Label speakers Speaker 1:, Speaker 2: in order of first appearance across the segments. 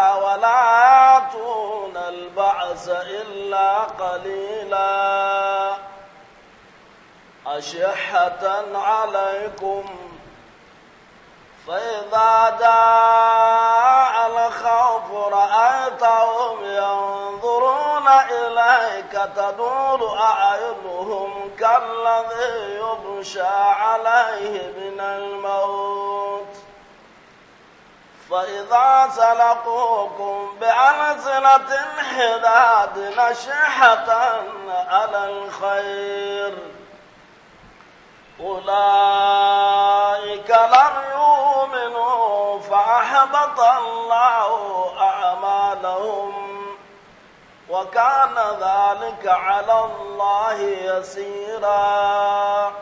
Speaker 1: ولا تون البعث إلا قليلا أشحة عليكم فإذا جاء الخوف رأيتهم ينظرون إليك تدور أعينهم كالذي يبشى عليه من الموت فإذا سلقوكم بألسنة حداد نشحة على الخير أولئك لم يؤمنوا فأحبط الله أعمالهم وكان ذلك على الله يسيرا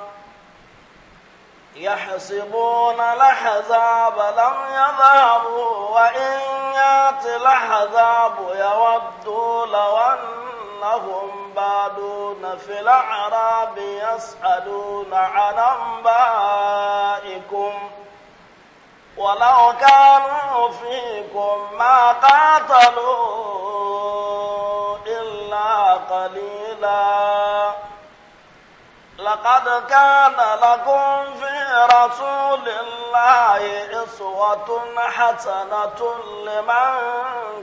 Speaker 1: يحسبون الأحزاب لم يذهبوا وإن يأت الأحزاب يودوا لو أنهم بادون في الأعراب يسألون عن أنبائكم ولو كانوا فيكم ما قاتلوا إلا قليلاً لقد كان لكم في رسول الله إسوة حسنة لمن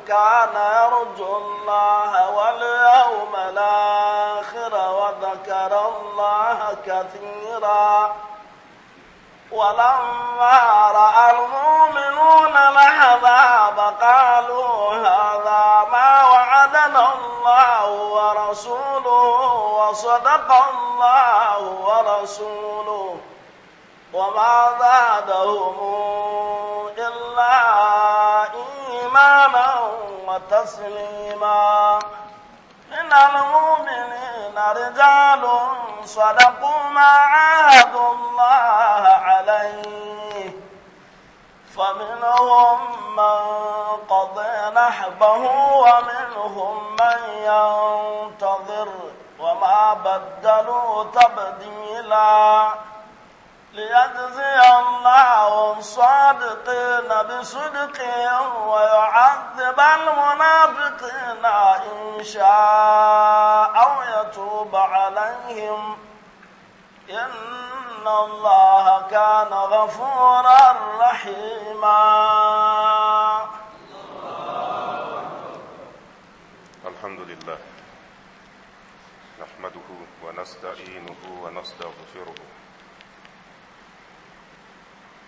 Speaker 1: كان يرجو الله واليوم الآخر وذكر الله كثيرا ولما رأى المؤمنون العذاب قالوا هذا آمن الله ورسوله وصدق الله ورسوله وما زادهم إلا إيمانا وتسليما من المؤمنين رجال صدقوا ما عاهدوا الله عليه فمنهم من قضى نحبه ومنهم من ينتظر وما بدلوا تبديلا ليجزي الله الصادقين بصدقهم ويعذب المنافقين إن شاء أو يتوب عليهم إن الله كان غفورا رحيما
Speaker 2: الحمد لله نحمده ونستعينه ونستغفره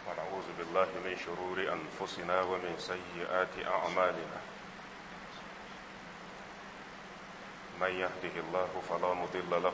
Speaker 2: ونعوذ بالله من شرور أنفسنا ومن سيئات أعمالنا من يهده الله فلا مضل له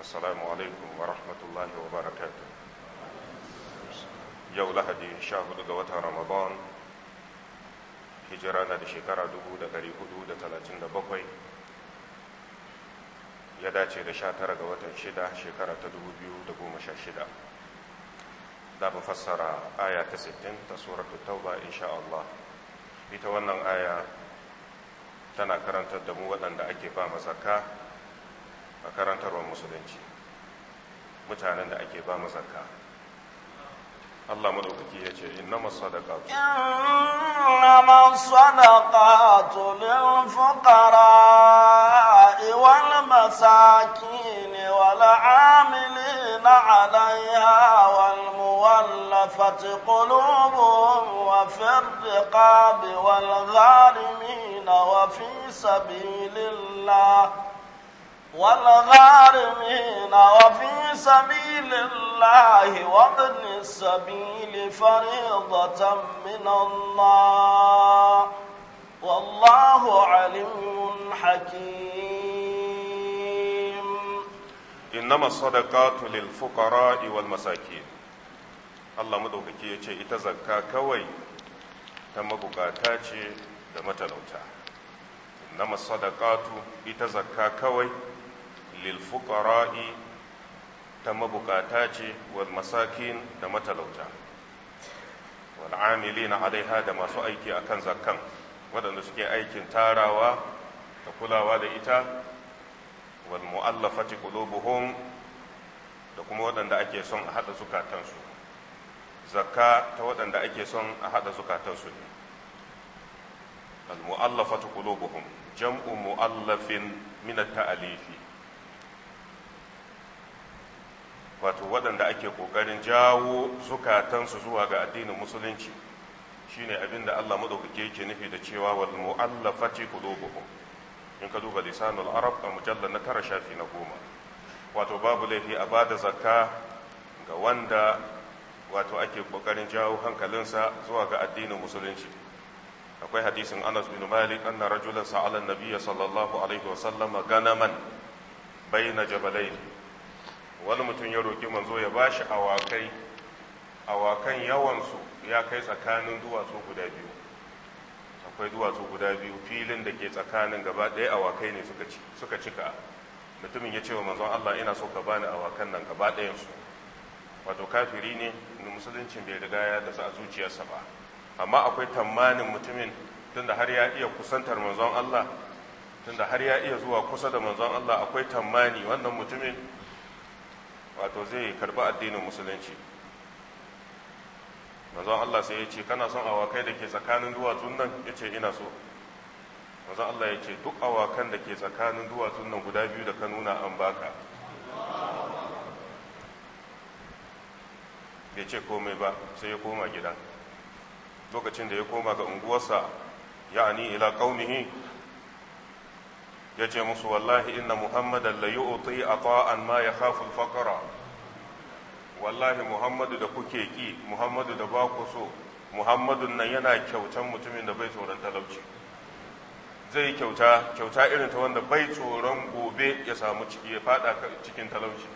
Speaker 2: السلام عليكم ورحمة الله وبركاته yau lahadi sha hudu ga watan ramadan hijira na da shekara 437 ya dace da sha tara ga watan shida shekara ta da mu fassara aya ta 60 ta suratul tauba insha Allah ita wannan aya tana karantar da mu waɗanda ake ba mazaka a karantarwar musulunci mutanen da ake ba mu zakka Allah madaukaki ya ce inna masadaqatu
Speaker 1: inna masadaqatu lil fuqara wal masakin wal amilina 'alayha wal muwallafati qulubuhum wa fir riqabi wal gharimin wa fi sabilillah والغارمين وفي سبيل الله وابن السبيل فريضة من الله والله عليم حكيم
Speaker 2: إنما الصدقات للفقراء والمساكين Allah madaukaki ya ce ita zakka kawai ta mabukata ce da matalauta, na sadaqatu ita zakka kawai lilfuqara'i ta mabukata ce wal masakin da matalauta wal na alaiha da masu aiki akan zakkan waɗanda suke aikin tarawa da kulawa da ita wal mu'allafati qulubuhum da kuma waɗanda ake son a haɗa zukatansu zakka ta waɗanda ake son a haɗa zukatansu ne al mu'allafatu qulubuhum jam'u mu'allafin min at-ta'alifi wato waɗanda ake ƙoƙarin jawo zukatansu zuwa ga addinin musulunci shine abin da Allah madaukake yake nufi da cewa ku dogo ku in ka duba lisanul arab a mujallar na tara shafi na goma wato babu laifi a ba da zakka ga wanda wato ake ƙoƙarin jawo hankalinsa zuwa ga addinin musulunci akwai hadisin Anas bin Malik anna rajulan sa'ala an sallallahu alaihi wa sallam ganaman bayna jabalai. wani mutum ya roƙi manzo ya ba shi awakai awakan yawansu ya kai tsakanin duwatsu guda biyu akwai duwatsu guda biyu filin da ke tsakanin gaba ɗaya awakai ne suka cika mutumin ya ce wa manzon Allah ina so ka bani awakan nan gaba ɗayansu wato kafiri ne na musuluncin bai riga ya da a zuciyarsa ba amma akwai tamanin mutumin tunda har ya iya kusantar manzon Allah tunda har ya iya zuwa kusa da manzon Allah akwai tammani wannan mutumin wato zai karbi addinin musulunci manzon Allah sai ya ce kana son awakai da ke tsakanin duwatsun nan ya ce ina so manzon Allah ya ce duk awakan da ke tsakanin duwatsun nan guda biyu da ka nuna an baka Ya ce komai ba sai ya koma gida lokacin da ya koma ga unguwarsa ya'ani ila ƙaunihi ya ce musu wallahi inna muhammadan la yu'ti ata'an ma yakhafu al-faqra wallahi muhammadu da kuke ki muhammadu da ba ku so muhammadun nan yana kyautan mutumin da bai tsoron talauci zai kyauta kyauta irin ta wanda bai tsoron gobe ya samu ciki ya fada cikin talauci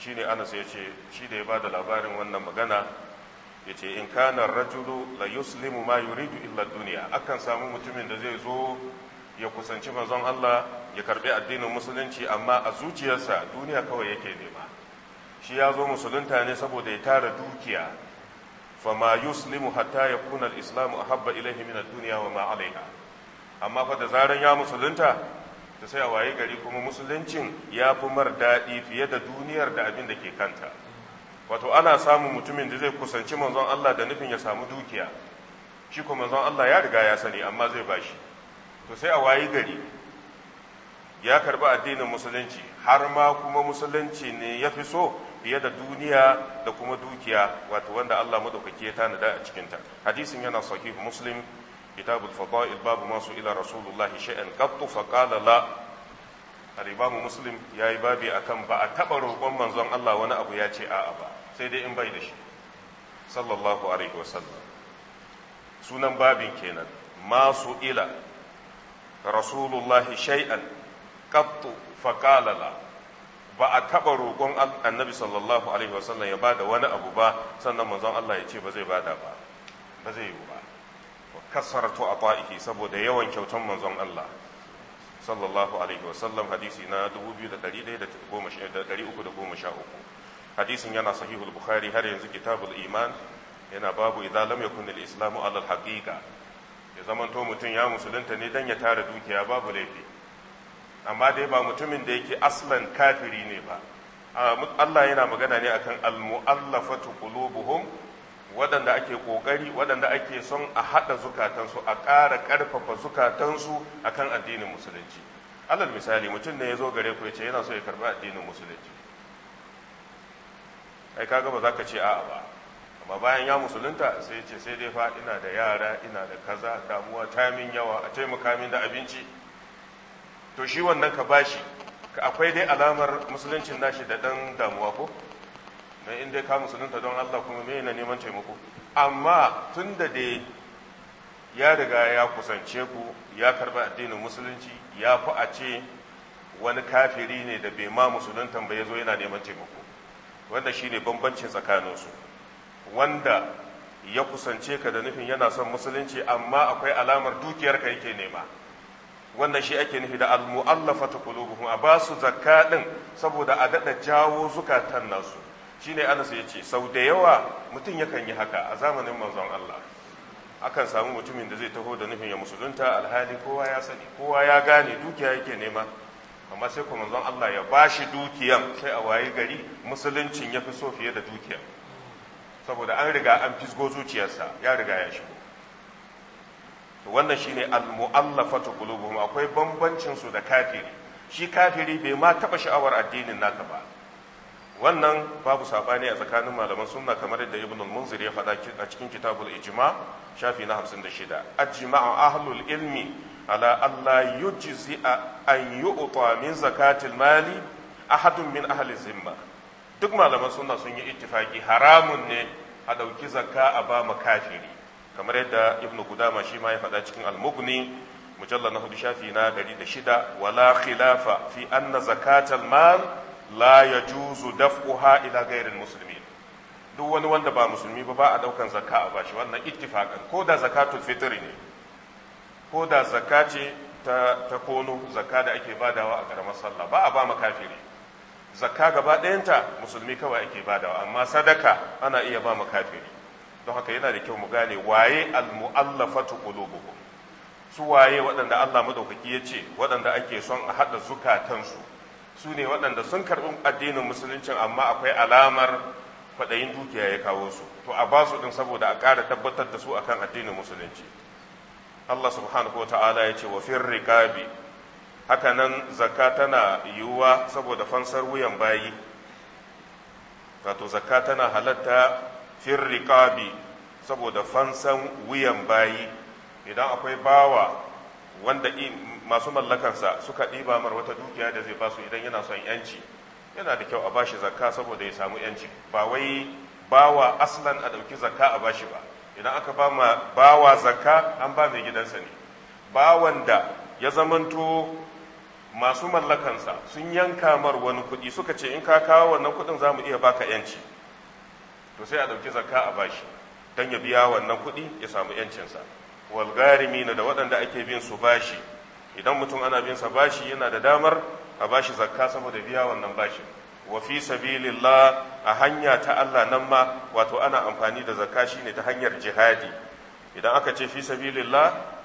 Speaker 2: shine anas ya ce shi da ya ba da labarin wannan magana ya ce in kana rajulu la yuslimu ma yuridu illa duniya akan samu mutumin da zai zo ya kusanci manzon Allah ya karbi addinin musulunci amma a zuciyarsa duniya kawai yake nema shi ya zo musulunta ne saboda ya tara dukiya Fa ma yuslimu hatta ya kuna a ahabba ilaihi min duniya wa ma amma fa da zaran ya musulunta ta sai a waye gari kuma musuluncin ya fi mar daɗi fiye da duniyar da abin da ke kanta wato ana samun mutumin da zai kusanci manzon Allah da nufin ya samu dukiya shi kuma manzon Allah ya riga ya sani amma zai bashi to sai a wayi gari ya karba addinin musulunci har ma kuma musulunci ne ya fi so fiye da duniya da kuma dukiya wato wanda Allah madaukake ya tanada a cikinta hadisin yana sahih muslim kitabul fadail babu masu ila rasulullah shay'an qattu fa qala la al-imam muslim yayi babi akan ba a taba roƙon manzon Allah wani abu ya ce a'a ba sai dai in bai da shi sallallahu alaihi wasallam sunan babin kenan masu ila rasulullahi shay'an qattu faqala la ba a taba roƙon annabi sallallahu alaihi wasallam ya bada wani abu ba sannan manzon Allah ya ce ba zai bada ba ba zai yi ba wa kasartu ata'ihi saboda yawan kyautan manzon Allah sallallahu alaihi wasallam hadisi na 2313 hadisin yana sahihul bukhari har yanzu kitabul iman yana babu idza lam yakun al islamu ala al haqiqa zamanto mutum ya musulunta ne don ya tara dukiya babu laifi amma dai ba mutumin da yake aslan kafiri ne ba Allah yana magana ne akan almu'allafatu qulubuhum waɗanda ake ƙoƙari waɗanda ake son a haɗa zukatansu a ƙara ƙarfafa zukatansu akan addinin musulunci alal misali mutum ne ya zo gare ku ya ce yana so ya karɓi addinin musulunci ai kaga ba za ka ce a'a ba amma bayan ya musulunta sai ce sai dai fa ina da yara ina da kaza damuwa ta min yawa a taimaka min da abinci to shi wannan ka bashi akwai dai alamar musuluncin nashi da dan damuwa ko na inda ka musulunta don Allah kuma me na neman taimako amma tun da dai ya riga ya kusance ku ya karba addinin musulunci ya fi a ce wani kafiri ne da bai ma musuluntan ba ya zo yana neman taimako wanda shine bambancin tsakaninsu wanda ya kusance ka da nufin yana son musulunci amma akwai alamar dukiyarka yake nema wannan shi ake nufi da almuallafa almu'allafatu qulubuhum a ba zakka din saboda a daɗa jawo zukatan nasu shine Anas ya ce sau da yawa mutum yakan yi haka a zamanin manzon Allah akan samu mutumin da zai taho da nufin ya musulunta alhali kowa ya sani kowa ya gane dukiya yake nema amma sai kuma manzon Allah ya bashi dukiyan sai a wayi gari musuluncin ya fi so fiye da dukiyan saboda an riga an fisgo zuciyarsa ya riga ya shigo wannan shine al-mu'allafatu qulubuhum akwai bambancin su da kafiri shi kafiri bai ma taba sha'awar addinin naka ba wannan babu sabani a tsakanin malaman sunna kamar yadda ibn al-munzir ya faɗa a cikin kitabul ijma shafi na 56 ajma'u ahlul ilmi ala alla yujzi an yu'ta min zakatil mali ahadun min ahli zimma duk malaman sunna sun yi ittifaki haramun ne a ɗauki zakka a ba kafiri kamar yadda ibnu gudama shi ma ya faɗa cikin almugni mujallar na hudu shafi na da shida wala khilafa fi anna zakatal mal la yajuzu daf'uha ila ghairil muslimin duk wani wanda ba musulmi ba ba a daukan zakka a bashi wannan ittifakan ko da zakatul fitri ne ko da zakka ce ta kono zakka da ake badawa a karamar sallah ba a ba kafiri. zakka gaba ɗayanta musulmi kawai ake badawa amma sadaka ana iya ba kafiri don haka yana da kyau mu gane waye almu'allafatu qulubuhum su waye waɗanda Allah madaukaki ya ce waɗanda ake son a haɗa zukatansu su ne waɗanda sun karɓi addinin musuluncin amma akwai alamar kwaɗayin dukiya ya kawo su to a ba su ɗin saboda a ƙara tabbatar da su akan addinin musulunci Allah subhanahu wa ta'ala ya ce wa firriqabi hakanan zakka tana yiwuwa saboda fansar wuyan bayi wato zakka tana halatta fir riqabi saboda fansan wuyan bayi idan akwai bawa wanda masu mallakarsa suka ɗiba mar wata dukiya da zai ba su idan yana son yanci yana da kyau a bashi zakka saboda ya samu yanci ba wai bawa aslan a ɗauki zakka a bashi ba idan aka ba ma bawa zakka an ba mai gidansa ne bawan da ya zamanto masu mallakansa sun yanka mar wani kuɗi suka ce in ka kawo wannan kuɗin za mu iya baka yanci to sai a ɗauki zakka a bashi don ya biya wannan kuɗi ya samu yancinsa walgarimi na da waɗanda ake bin su bashi idan mutum ana bin sa bashi yana da damar a bashi zakka saboda biya wannan bashi wa fi sabilillah a hanya ta Allah nan ma wato ana amfani da zakka shine ta hanyar jihadi idan aka ce fi sabilillah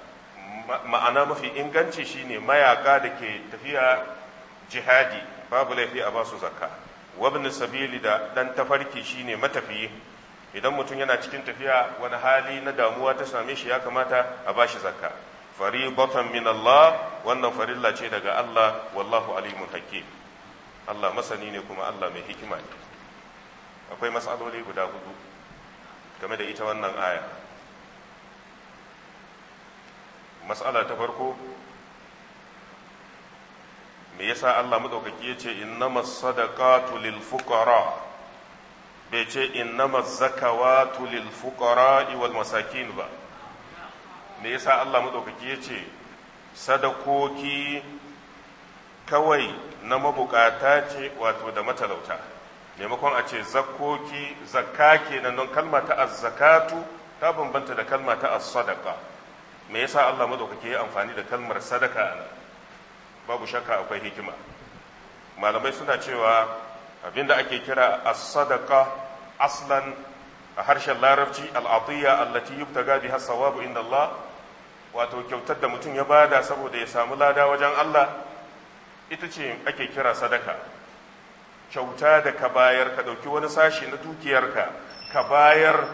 Speaker 2: ma'ana mafi inganci shine mayaka da ke tafiya jihadi babu laifi a basu zakka wabin sabili da dan tafarki shine matafiyi idan mutum yana cikin tafiya wani hali na damuwa ta same shi ya kamata a bashi zakka faribatan min Allah wannan farilla ce daga Allah wallahu alimun hakim Allah masani ne kuma Allah mai hikima ne akwai matsaloli guda hudu game da ita wannan aya masala ta farko me yasa Allah madaukaki ya ce innamas sadaqatu lil fuqara bai ce innamas zakawatu lil fuqara wal masakin ba me yasa Allah madaukaki ya ce sadakoki kawai na mabukata ce wato da matalauta maimakon a ce zakoki zakka kenan don kalma ta as-zakatu ta bambanta da kalma ta as-sadaqa me yasa Allah madaukake ya amfani da kalmar sadaka ana babu shakka akwai hikima malamai suna cewa abinda ake kira as-sadaqa aslan a harshen larabci al'atiyya allati yubtaga biha sawabu inda Allah wato kyautar da mutum ya bada saboda ya samu lada wajen Allah ita ce ake kira sadaka kyauta da ka bayar ka ɗauki wani sashi na dukiyarka ka bayar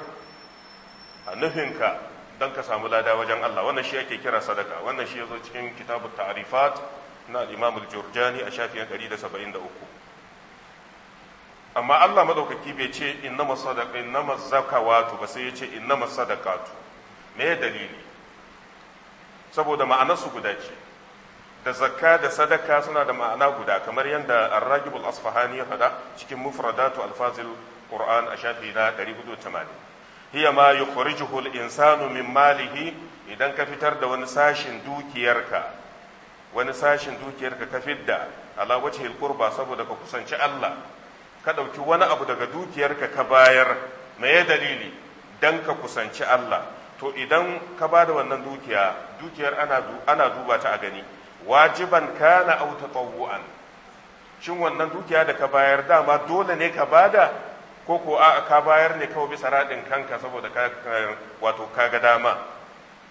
Speaker 2: a nufinka don ka samu lada wajen Allah wannan shi ake kira sadaka wannan shi ya zo cikin kitabun tarifat na imamul jurjani a shafiyan 173 amma Allah madaukaki bai ce innama sadaka innama zakawatu ba sai ya ce innama sadakatu me dalili saboda ma'anarsu guda ce da zakka da sadaka suna da ma'ana guda kamar yadda ar asfahani ya faɗa cikin mufradatu alfazil qur'an a shafi na 480 hiya ma yukhrijuhu al-insanu min malihi idan ka fitar da wani sashin dukiyarka wani sashin dukiyarka ka fidda ala wajhil qurba saboda ka kusanci Allah ka dauki wani abu daga dukiyarka ka bayar me ya dalili dan ka kusanci Allah to idan ka bada wannan dukiya dukiyar ana ana duba ta a gani wajiban kana au tatawwu'an shin wannan dukiya da ka bayar dama dole ne ka bada ko ko a ka bayar ne kawai bisa radin kanka saboda ka wato ka ga dama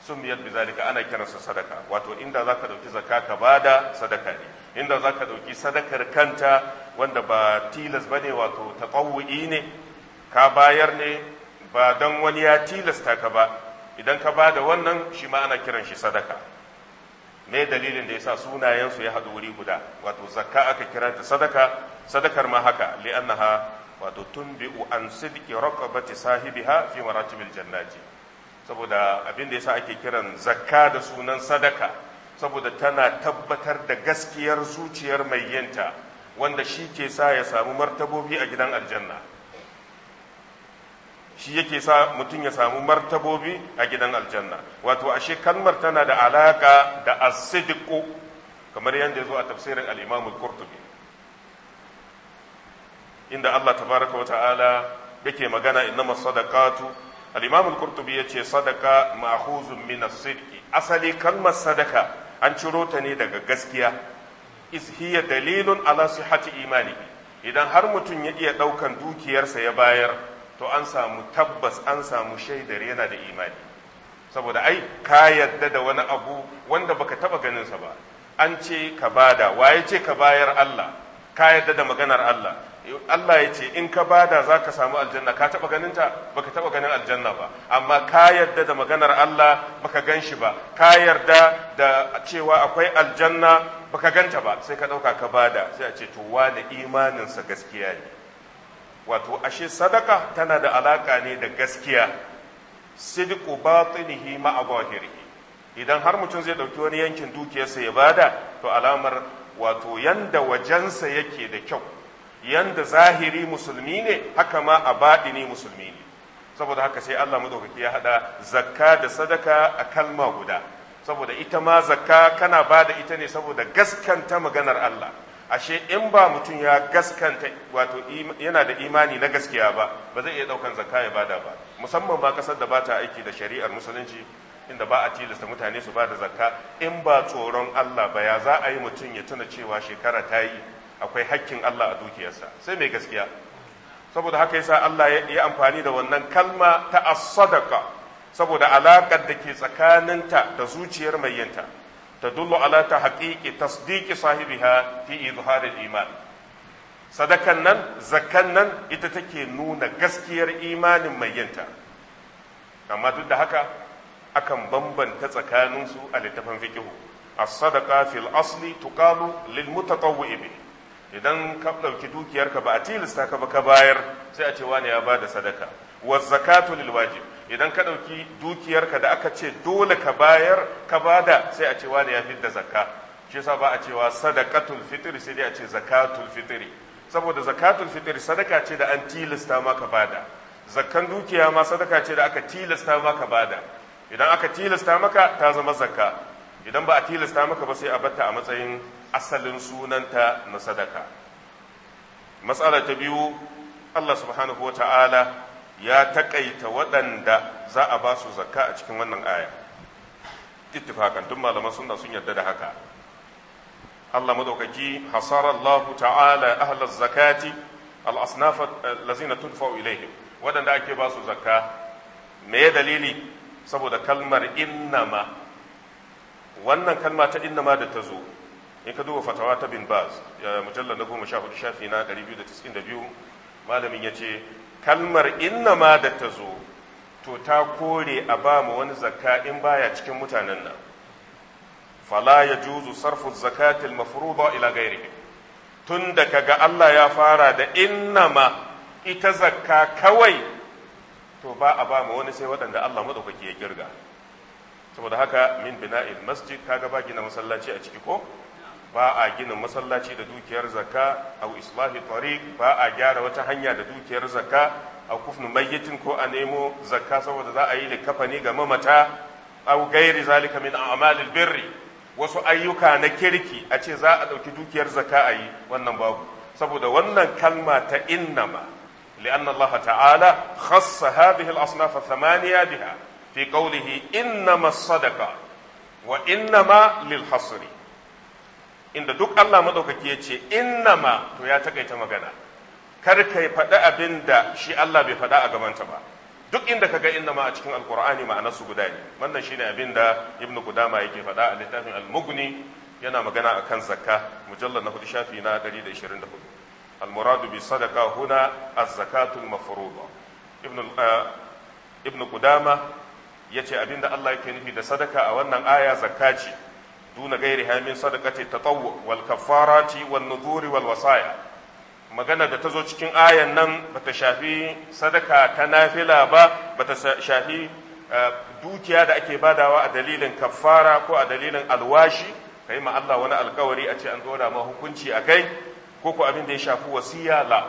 Speaker 2: sun biyar zalika ana kiransa sadaka wato inda za ka ɗauki zakka ka bada sadaka ne inda za ka ɗauki sadakar kanta wanda ba tilas ba ne wato taɓawu'i ne ka bayar ne ba don wani ya tilasta ka ba idan ka bada wannan shi ma ana kiran shi sadaka me dalilin da ya sa sunayensu ya haɗu wuri guda wato zakka aka kiranta sadaka sadakar ma haka li'annaha wato tunbi'u an sidqi raqabati sahibiha fi maratibil jannati saboda abin da yasa ake kiran zakka da sunan sadaka saboda tana tabbatar da gaskiyar zuciyar mai yinta wanda shi ke sa ya samu martabobi a gidan aljanna shi yake sa mutum ya samu martabobi a gidan aljanna wato ashe kalmar tana da alaka da as kamar yadda yazo a tafsirin al-Imam al-Qurtubi inda Allah tabaraka wata'ala yake magana innama sadaqatu al-imam al-qurtubi yace sadaqa ma'khuzun min as-sidqi asali kalmar sadaka an ciro ta ne daga gaskiya is hiya dalilun ala sihhati imanihi idan har mutum ya iya daukan dukiyarsa ya bayar to an samu tabbas an samu shaidar yana da imani saboda ai ka yadda da wani abu wanda baka taba ganinsa ba an ce ka bada waye ce ka bayar Allah ka yadda da maganar Allah Allah ya ce in ka bada za ka samu aljanna ka taɓa ganin ta ka taɓa ganin aljanna ba amma ka yarda da maganar Allah ba ka gan shi ba ka yarda da cewa akwai aljanna ba ka ganta ba sai ka ɗauka ka bada sai a ce to wane imaninsa gaskiya ne wato ashe sadaka tana da alaƙa ne da gaskiya sidqu batinihi ma zahirihi idan har mutum zai ɗauki wani yankin dukiyarsa ya bada to alamar wato yanda wajensa yake da kyau yanda zahiri musulmi ne haka ma a baɗini musulmi ne saboda haka sai Allah madaukaki ya haɗa zakka da sadaka a kalma guda saboda ita ma zakka kana bada ita ne saboda gaskanta maganar Allah ashe in ba mutum ya gaskanta wato yana da imani na gaskiya ba ba zai iya ɗaukan zakka ya bada ba musamman ba ƙasar da ba ta aiki da shari'ar musulunci inda ba a tilasta mutane su bada zakka in ba tsoron Allah ba ya za a yi mutum ya tuna cewa shekara ta yi akwai hakkin Allah a dukiyarsa sai mai gaskiya saboda haka yasa Allah ya amfani da wannan kalma ta as-sadaqa saboda alaƙar da ke tsakaninta da zuciyar mai yinta ta dullo ala ta haƙiƙi tasdiqi sahibiha fi izharil iman sadakan nan zakan nan ita take nuna gaskiyar imanin mai yinta amma duk da haka akan bambanta tsakaninsu a littafin fiqh as-sadaqa fil asli tuqalu lil mutatawwi bihi idan ka ɗauki dukiyarka ba a tilasta ka ba ka bayar sai a ce wani ya bada sadaka wa zakatu lil wajib idan ka ɗauki dukiyarka da aka ce dole ka bayar ka bada sai a ce wani ya fidda zakka shi yasa ba a cewa sadaqatul fitri sai dai a ce zakatul fitri saboda zakatul fitri sadaka ce da an tilasta ma ka bada zakkan dukiya ma sadaka ce da aka tilasta ma ka bada idan aka tilasta maka ta zama zakka idan ba a tilasta maka ba sai a batta a matsayin asalin sunanta na sadaka matsala ta biyu Allah subhanahu wa ta'ala ya taƙaita waɗanda za a ba su zakka a cikin wannan aya ittifakan tun malaman sunna sun yarda da haka Allah madaukaki hasara Allah ta'ala ahlaz zakati al asnaf allazina ilaihim waɗanda ake ba su zakka me dalili saboda kalmar innama wannan kalma ta innama da ta zo in ka duba fatawa ta bin baz Mujalla na goma sha hudu shafi na ɗari biyu da tiskin da biyu malamin ya ce kalmar inna ma da ta zo to ta kore a ba mu wani zakka in baya cikin mutanen nan fala ya juzu sarfu zakatil mafruḍa ila gairi. tun da kaga Allah ya fara da inna ma ita zakka kawai to ba a ba mu wani sai waɗanda Allah madaukaki ya girga saboda haka min bina'il masjid kaga ba gina masallaci a ciki ko ba a gina masallaci da dukiyar zakka au islahi tariq ba a gyara wata hanya da dukiyar zakka a kufnu mayyitin ko a nemo zakka saboda za a yi likafani ga mamata au gairi zalika min a'malil birri wasu ayyuka na kirki a ce za a ɗauki dukiyar zakka a yi wannan babu saboda wannan kalma ta innama li'anna Allah ta'ala khassa bihil al-asnaf ath biha fi qawlihi innama sadaka wa innama lil-hasri inda duk Allah maɗaukaki ya ce innama to ya takaita magana kar ka faɗi abinda shi Allah bai faɗa a gabanta ba duk inda ka ga innama a cikin alkur'ani ma'anar su guda ne wannan shine abin da ibnu kudama yake faɗa a littafin al-mughni yana magana akan zakka mujallal na hudu shafi na 124 al-muradu bi sadaqa huna az-zakatu al-mafruḍa ibnu eh, ibnu kudama yace abin da Allah yake nufi da sadaka a wannan aya zakka ce duna gairiha min sadaqati tatawwu wal kaffarati wan wasaya magana da ta zo cikin ayan nan bata shafi sadaka ta nafila ba bata shafi eh, dukiya da ake badawa a dalilin kaffara ko a dalilin alwashi kai ma Allah wani alkawari a ce an dora ma hukunci a kai ko ko abin da ya shafi wasiya la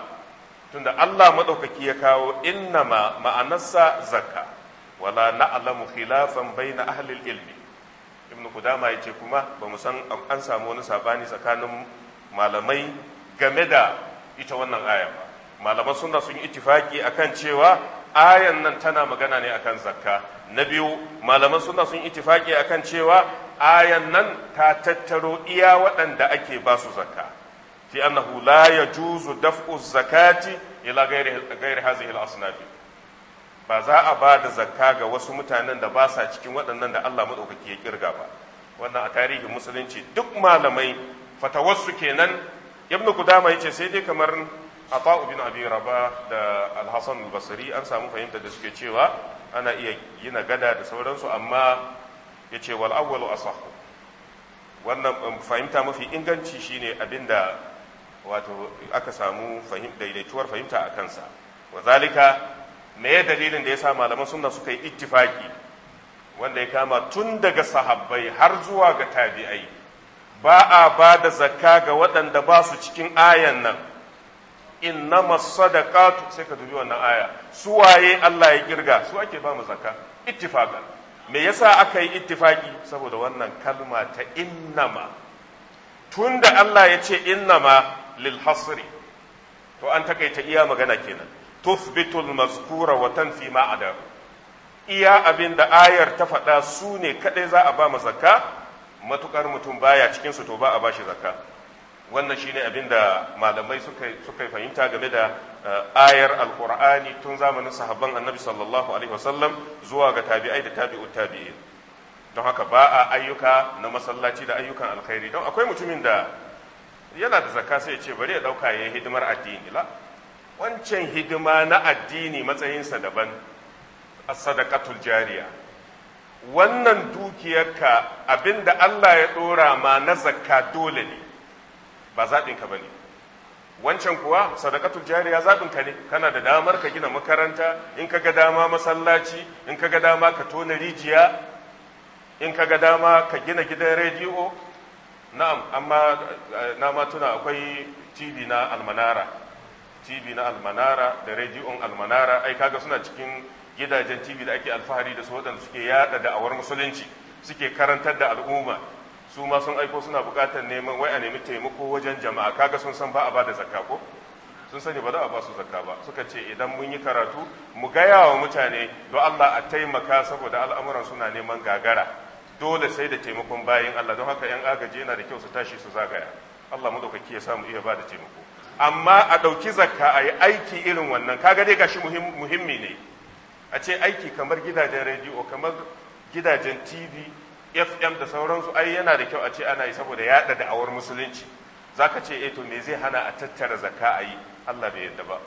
Speaker 2: tunda Allah madaukaki ya kawo innama ma'anarsa zakka wala na'lamu khilafan baina ahli ilmi ibnu kudama ya ce kuma ba mu san an samu wani sabani tsakanin malamai game da ita wannan aya ba malaman sunna sun yi ittifaki akan cewa ayan nan tana magana ne akan zakka na biyu malaman suna sun yi ittifaki akan cewa ayan nan ta tattaro iya waɗanda ake ba su zakka fi annahu la yajuzu daf'u zakati ila ghairi ghairi hadhihi al-asnafi ba za a ba da zakka ga wasu mutanen da ba sa cikin waɗannan da Allah maɗaukaki ya kirga ba wannan a tarihin musulunci duk malamai fatawarsu kenan ibnu kudama yace sai dai kamar ata'u bin abi raba da al-hasan basri an samu fahimta da suke cewa ana iya yina gada da sauransu amma yace wal awwalu asahhu wannan um, fahimta mafi inganci shine abinda wato aka samu daidaituwar fahimta a kansa wa zalika me ya dalilin da ya sa malaman suna suka yi ittifaki wanda ya kama tun daga sahabbai har zuwa ga tabi'ai ba a ba da zakka ga waɗanda ba su cikin ayan nan ma sadaqatu sai ka dubi wannan aya su waye Allah ya kirga su ake ba mu zakka ittifaqan me yasa aka yi ittifaki saboda wannan kalma ta innama tunda Allah ya ce innama lil hasri to an takaita iya magana kenan tuthbitu al-mazkura wa tanfi ma ada iya abin da ayar ta faɗa su ne kadai za a ba mu zakka matukar mutum baya cikin su to ba a bashi zakka wannan shine abin da malamai suka suka fahimta game da eh, ayar alqur'ani tun zamanin sahabban annabi sallallahu zuwa ga tabi'ai da tabi'ut tabi'in don haka ba a ayyuka na masallaci da ayyukan alkhairi don akwai mutumin da yana da zakka sai ya ce bari ya dauka yayin hidimar addini la wancan hidima na addini matsayinsa daban a sadakatul jariya wannan dukiyarka abinda Allah ya ɗora ma na zakka dole ne ba zaɓinka ba ne wancan kuwa sadakatul jariya zaɓinka ne kana da damar ka gina makaranta in ka ga dama masallaci in ka ga dama ka tona rijiya in ka ga dama ka gina gidan rediyo na'am amma eh, na ma tuna akwai tv na almanara tv na almanara da rediyon almanara ai kaga suna cikin gidajen tv da ake alfahari da su waɗanda suke yada awar musulunci suke karantar da al'umma su ma sun aiko suna bukatar neman wai a nemi taimako wajen jama'a kaga sun san ba a bada da zakka ko sun sani ba za a ba su zakka ba suka ce idan mun yi karatu mu gaya wa mutane don Allah a taimaka saboda al'amuran suna neman gagara dole sai da taimakon bayan Allah don haka 'yan agaji yana da kyau su tashi su zagaya Allah mu ya mu iya ba da taimako amma a ɗauki zakka a yi aiki irin wannan kaga dai gashi muhimmi ne a ce aiki kamar gidajen rediyo kamar gidajen tv fm da sauransu ai yana da kyau a ce ana yi saboda yada da'awar musulunci zaka ce eto eh, me zai hana a tattara zakka a yi allah bai yadda ba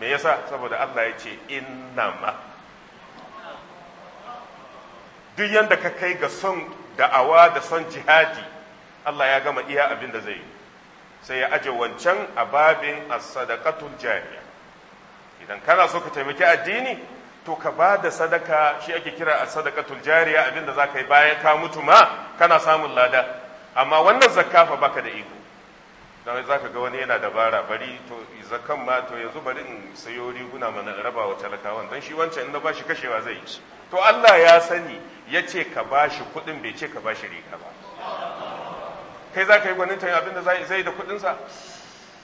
Speaker 2: me yasa saboda allah ya ce ma duk yanda ka kai ga son da'awa da son jihadi allah ya gama iya abin da zai yi sai ya aje wancan a babin as-sadaqatul jariya idan kana so ka taimaki addini to ka ba da sadaka shi ake kira as-sadaqatul jariya abinda ka yi bayan ka mutu ma kana samun lada amma wannan zakafa fa baka da iko dan zaka ga wani yana dabara bari to zakan ma to yanzu bari in sayo riguna mana raba wa talakawan don shi wancan in na bashi kashewa zai yi to Allah ya sani yace ka bashi kuɗin bai ce ka ba shi riga ba kai za ka yi gwanintan abin da zai da kuɗinsa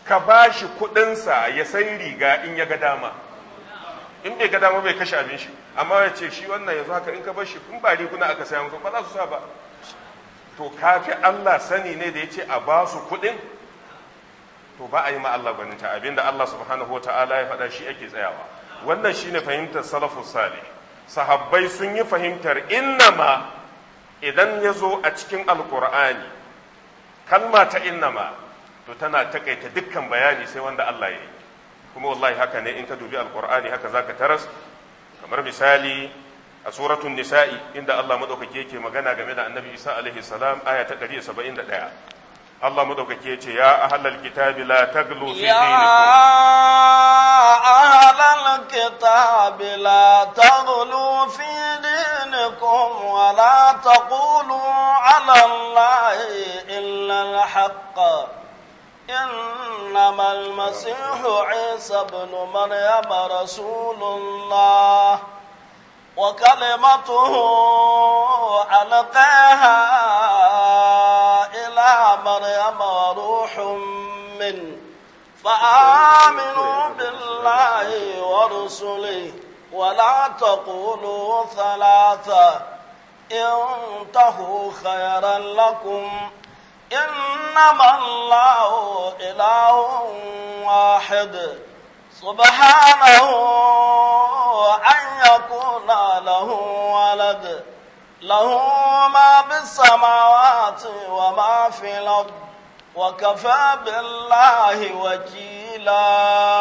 Speaker 2: ka ba shi kuɗinsa ya sai riga in ya ga dama in bai ga dama bai kashe abin shi amma ya ce shi wannan yanzu haka in ka bar shi kun ba riguna aka saya musu ba za su sa ba to kafi Allah sani ne da ya ce a ba su kuɗin to ba a yi ma Allah gwaninta abinda Allah subhanahu hota ta'ala ya faɗa shi ake tsayawa wannan shi ne fahimtar salafus salih sahabbai sun yi fahimtar innama idan ya zo a cikin alkur'ani kalma ta innama to tana takaita dukkan bayani sai wanda Allah ya yi kuma wallahi haka ne in ka dubi alqur'ani haka zaka taras kamar misali a suratun nisa'i inda Allah madaukake yake magana game da annabi Isa alaihi salam aya ta 171 Allah madaukake yace ya ahlal kitabi la taglu fi dinikum ya
Speaker 1: ahlal kitabi la taglu fi ربكم ولا تقولوا على الله إلا الحق إنما المسيح عيسى بن مريم رسول الله وكلمته ألقيها إلى مريم وروح منه فآمنوا بالله ورسله ولا تقولوا ثلاثة انتهوا خيرا لكم إنما الله إله واحد سبحانه أن يكون له ولد له ما بالسماوات وما في الأرض wa kafa billahi wakila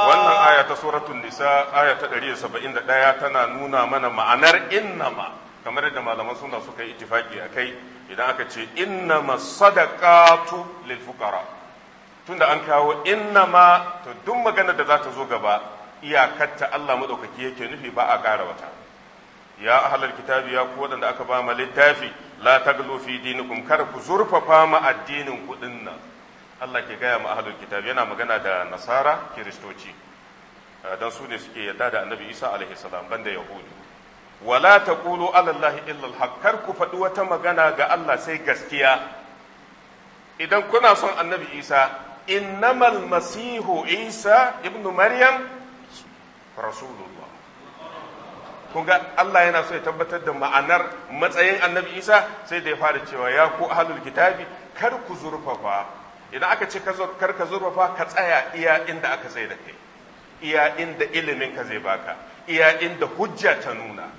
Speaker 1: wannan
Speaker 2: aya ta suratul nisa aya ta 171 tana nuna mana ma'anar innama kamar yadda malaman suna suka yi ittifaki akai idan aka ce innama sadaqatu lil fuqara tunda an kawo innama to duk maganar da za ta zo gaba iyakarta Allah madaukaki yake nufi ba a ƙara wata ya ahlal kitabi ya ku waɗanda aka ba ma littafi la taglu fi dinikum kar ku zurfafa ma addinin kuɗin nan Allah ke gaya ma ahlul kitab yana magana da nasara kiristoci eh, dan su ne suke yadda da annabi Isa alaihi salam banda yahudu wala taqulu ala Allah illa al kar ku faɗi wata magana ga Allah sai gaskiya idan kuna son annabi Isa innamal masihu Isa ibnu Maryam rasulullah kun Allah yana so ya tabbatar da ma'anar matsayin annabi isa sai da ya fara cewa ya ku ahlul kitabi kar ku zurfafa idan aka ce kar ka zurfafa ka tsaya iya inda aka tsaye da kai iya inda ilimin ka zai baka iya inda hujja ta nuna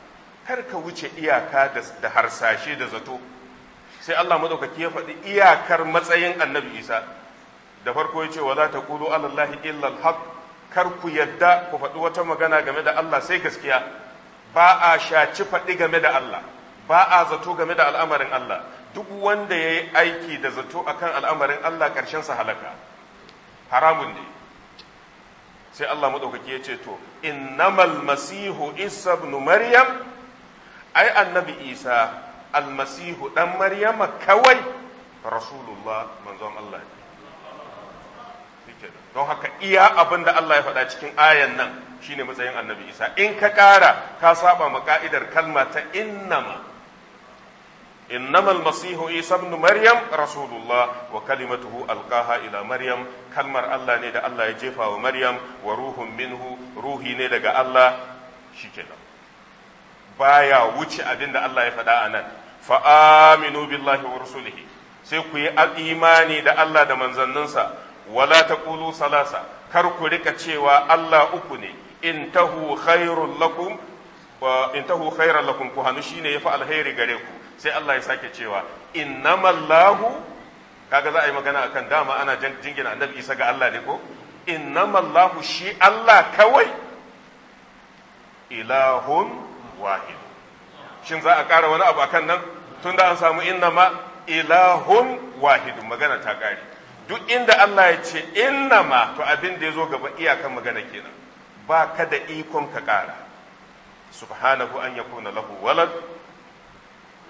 Speaker 2: kar ka wuce iyaka da harsashe da zato sai Allah madaukaki ya faɗi iyakar matsayin annabi Isa da farko ya ce wa za ta kulu alallahi illa alhaq kar ku yadda ku faɗi wata magana game da Allah sai gaskiya ba a shaci faɗi game da Allah ba a zato game da al'amarin Allah duk wanda ya yi aiki da zato akan al'amarin Allah sa halaka haramun ne sai Allah maɗaukaki ya ce to innamal masihu isa ibn maryam ai annabi isa almasihu dan maryama kawai rasulullah manzon Allah ne don haka iya abin da Allah ya faɗa cikin ayan nan shine matsayin annabi isa in ka ƙara ka saba ma ka'idar kalma ta innama إنما المسيح عيسى ابن مريم رسول الله وكلمته ألقاها إلى مريم كلمة الله ندى الله يجيفها ومريم وروح منه روحي ندى الله شكرا بايا وجه أبن الله يفدا أنا فآمنوا بالله ورسوله سيكوي الإيماني دا الله دا منزننسا ولا تقولوا سلاسة كركو لك تشيوا الله أكني انتهوا خير لكم وانتهوا خير لكم كهانو شيني يفعل خير غريكم sai Allah ya sake cewa innamallahu kaga za a yi magana akan dama ana jingina annabi Isa ga Allah ne ko innamallahu shi Allah kawai ilahun wahid shin za a ƙara wani abu akan nan Tun da an samu innama ilahun wahid magana ta ƙare duk inda Allah ya ce innama to abin da ya zo gaba iyakan magana kenan ba ka da ikon ka ƙara subhanahu an yakuna lahu walad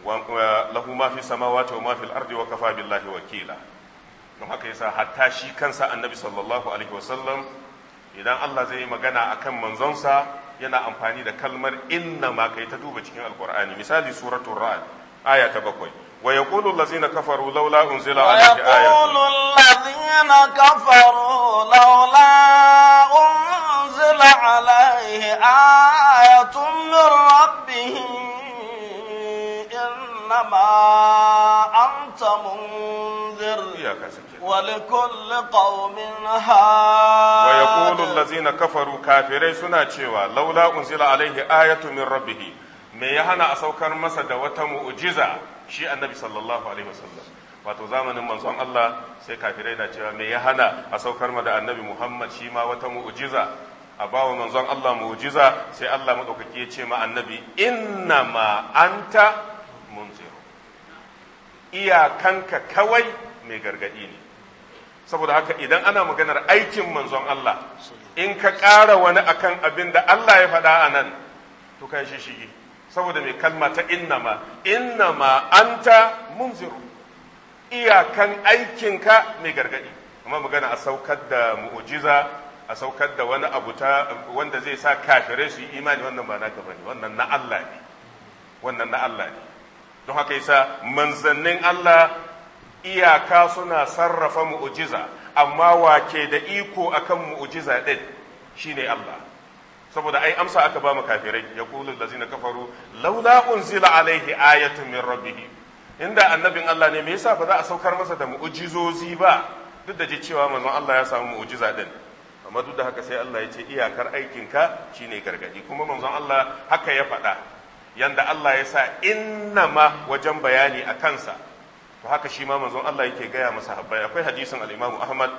Speaker 2: lahu ma fi samawati wa ma fil ardi wa kafa billahi wakila don haka yasa hatta shi kansa annabi sallallahu alaihi wasallam idan Allah zai yi magana akan manzonsa yana amfani da kalmar inna ma kai ta duba cikin alqur'ani misali suratul ra'd aya ta bakwai ويقول الذين كفروا لولا أنزل عليك آية ويقول
Speaker 1: الذين كفروا لولا أنزل عليه آية من ربهم إنما أنت منذر ولكل قوم هاد
Speaker 2: ويقول الذين كفروا كافري سنة شوى لولا أنزل عليه آية من ربه me ya hana a saukar masa da wata mu'jiza shi annabi sallallahu alaihi wato zamanin manzon Allah sai kafirai na cewa me ya hana a saukar ma da annabi Muhammad shi ma wata mu'jiza a bawa manzon Allah mu'jiza sai Allah madaukaki ya ce ma annabi inna ma anta iyakanka kawai mai gargadi ne saboda haka idan ana maganar aikin manzon Allah in ka ƙara wani akan abin da Allah ya faɗa a nan to kai shi shigi saboda mai kalma ta innama innama anta munziru iyakan aikinka mai gargadi amma magana a saukar da mu'ujiza a saukar da wani abu ta wanda zai sa kafirai su yi imani wannan ba na gaba ne wannan na Allah ne wannan na Allah ne don haka yasa manzannin Allah iyaka suna sarrafa mu'ujiza amma wake da iko akan mu'ujiza din shine Allah saboda ai amsa aka ba mu kafirai yaqulu allazina kafaru laula unzila alaihi ayatun min rabbih inda annabin Allah ne me yasa ba za a saukar masa da mu'ujizozi ba duk da cewa manzon Allah ya samu mu'ujiza din amma duk da haka sai Allah ya ce iyakar aikinka shine gargadi kuma manzon Allah haka ya faɗa yanda Allah ya sa innama wajen bayani a kansa to haka shi ma manzon Allah yake gaya masa habbai akwai hadisin al-Imam Ahmad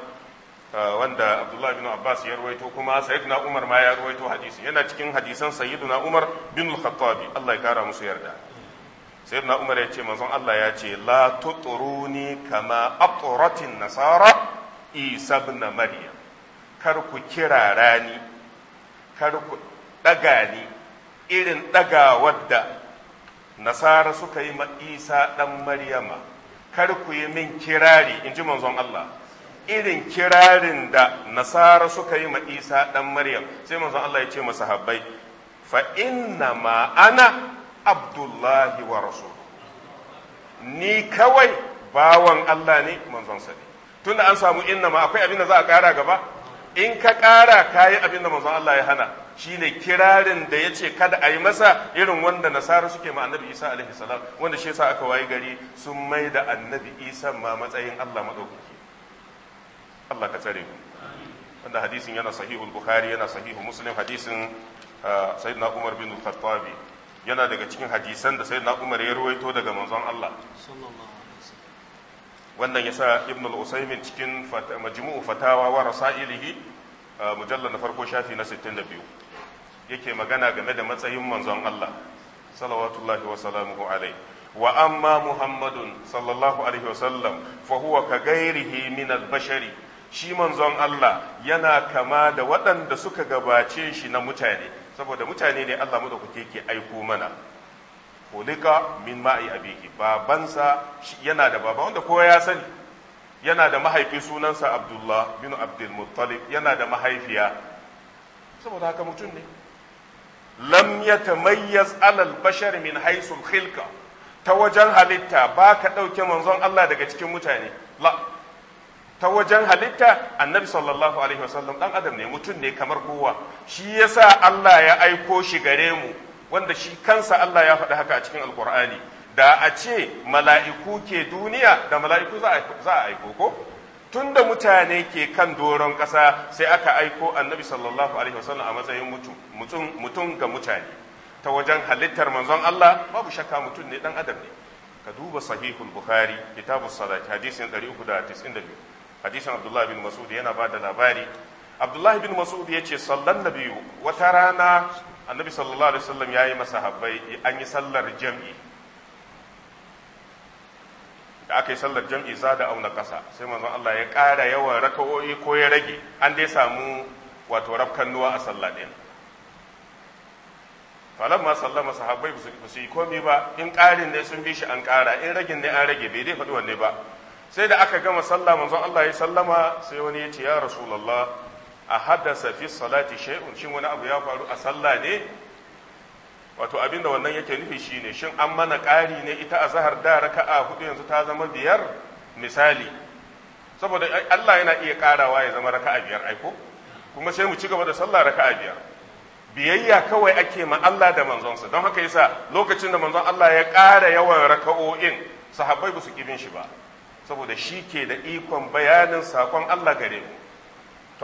Speaker 2: uh, wanda Abdullah bin Abbas ya ruwaito kuma Sayyidina Umar ma ya ruwaito hadisi yana cikin hadisan Sayyidina Umar bin al-Khattab Allah ya kara musu yarda Sayyidina Umar ya ce manzon Allah ya ce la tuturuni kama aturatin nasara Isa ibn Maryam kar ku kirara ni kar ku daga ni irin ɗagawar da nasara suka yi ma isa ɗan maryama kar ku yi min kirari in ji manzon Allah irin kirarin da nasara suka yi ma isa ɗan maryam sai manzon Allah ya ce masa habbai fa inna ma ana abdullahi wa rasul ni kawai bawan Allah ne manzon sa tunda an samu inna ma akwai abin da za a ƙara gaba in ka ƙara kayi abin da manzon Allah ya hana shine kirarin da ya ce kada a yi masa irin wanda nasara suke ma annabi isa alaihi salam wanda shi yasa aka wayi gari sun mai da annabi isa ma matsayin allah maɗaukaki allah ka tsare mu wanda hadisin yana sahihul bukhari yana sahihu muslim hadisin ah, sayyidina umar bin al-khattabi yana daga cikin hadisan da sayyidina umar ya ruwaito daga manzon allah wannan yasa ibn al-usaymin cikin majmu'u fatawa wa rasailihi ah, mujallal na farko shafi na 62 yake magana game da matsayin manzon Allah salawatullahi wa salamuhu alaihi wa amma muhammadun sallallahu alaihi wasallam fa huwa ka gairihi min bashari shi manzon Allah yana kama da waɗanda suka gabace shi na mutane saboda mutane ne Allah kuke ke aiko mana kulika min ma'i baban babansa yana da baba wanda kowa ya sani yana da mahaifi sunansa Abdullah bin Abdul Muttalib yana da mahaifiya saboda haka mutum ne lam yatamayyaz alal bashar min haisul khilka ta wajen halitta ba ka ɗauke manzon Allah daga cikin mutane la ta wajen halitta annabi sallallahu alaihi wasallam dan adam ne mutum ne kamar kowa shi yasa Allah ya aiko shi gare mu wanda shi kansa Allah ya faɗi haka a cikin alkur'ani da a ce mala'iku ke duniya da mala'iku za a aiko ko tunda mutane ke kan doron ƙasa sai aka aiko annabi sallallahu alaihi wasallam a matsayin mutum mutum ga mutane ta wajen halittar manzon Allah babu shakka mutum ne dan adam ne ka duba sahihul bukhari kitabus salat hadisin 392 hadisin abdullahi bin mas'ud yana ba da labari abdullahi bin mas'ud ya ce sallan nabiyu wata rana annabi sallallahu alaihi wasallam yayi masahabbai an yi sallar jam'i da aka yi sallar jam'i za da auna ƙasa sai manzon Allah ya ƙara yawan raka'o'i ko ya rage an dai samu wato rafkan nuwa a sallah ɗin ma sallama sahabbai ba su yi komi ba in ƙarin ne sun bi shi an ƙara in ragin ne an rage bai dai faɗi wanne ba sai da aka gama sallah manzon Allah ya sallama sai wani ya ce ya rasulullah a haddasa fi salati shay'un shin wani abu ya faru a sallah ne wato abinda wannan yake nufi shine shin an mana ƙari ne ita a zahar da raka'a hudu yanzu ta zama biyar misali saboda Allah yana iya ƙarawa ya zama raka'a biyar aiko kuma sai mu ci gaba da sallah raka'a biyar biyayya kawai ake ma Allah da manzonsa don haka yasa lokacin da manzon Allah ya ƙara yawan raka'o'in sahabbai ba su kibin shi ba saboda shi ke da ikon bayanin sakon Allah gare mu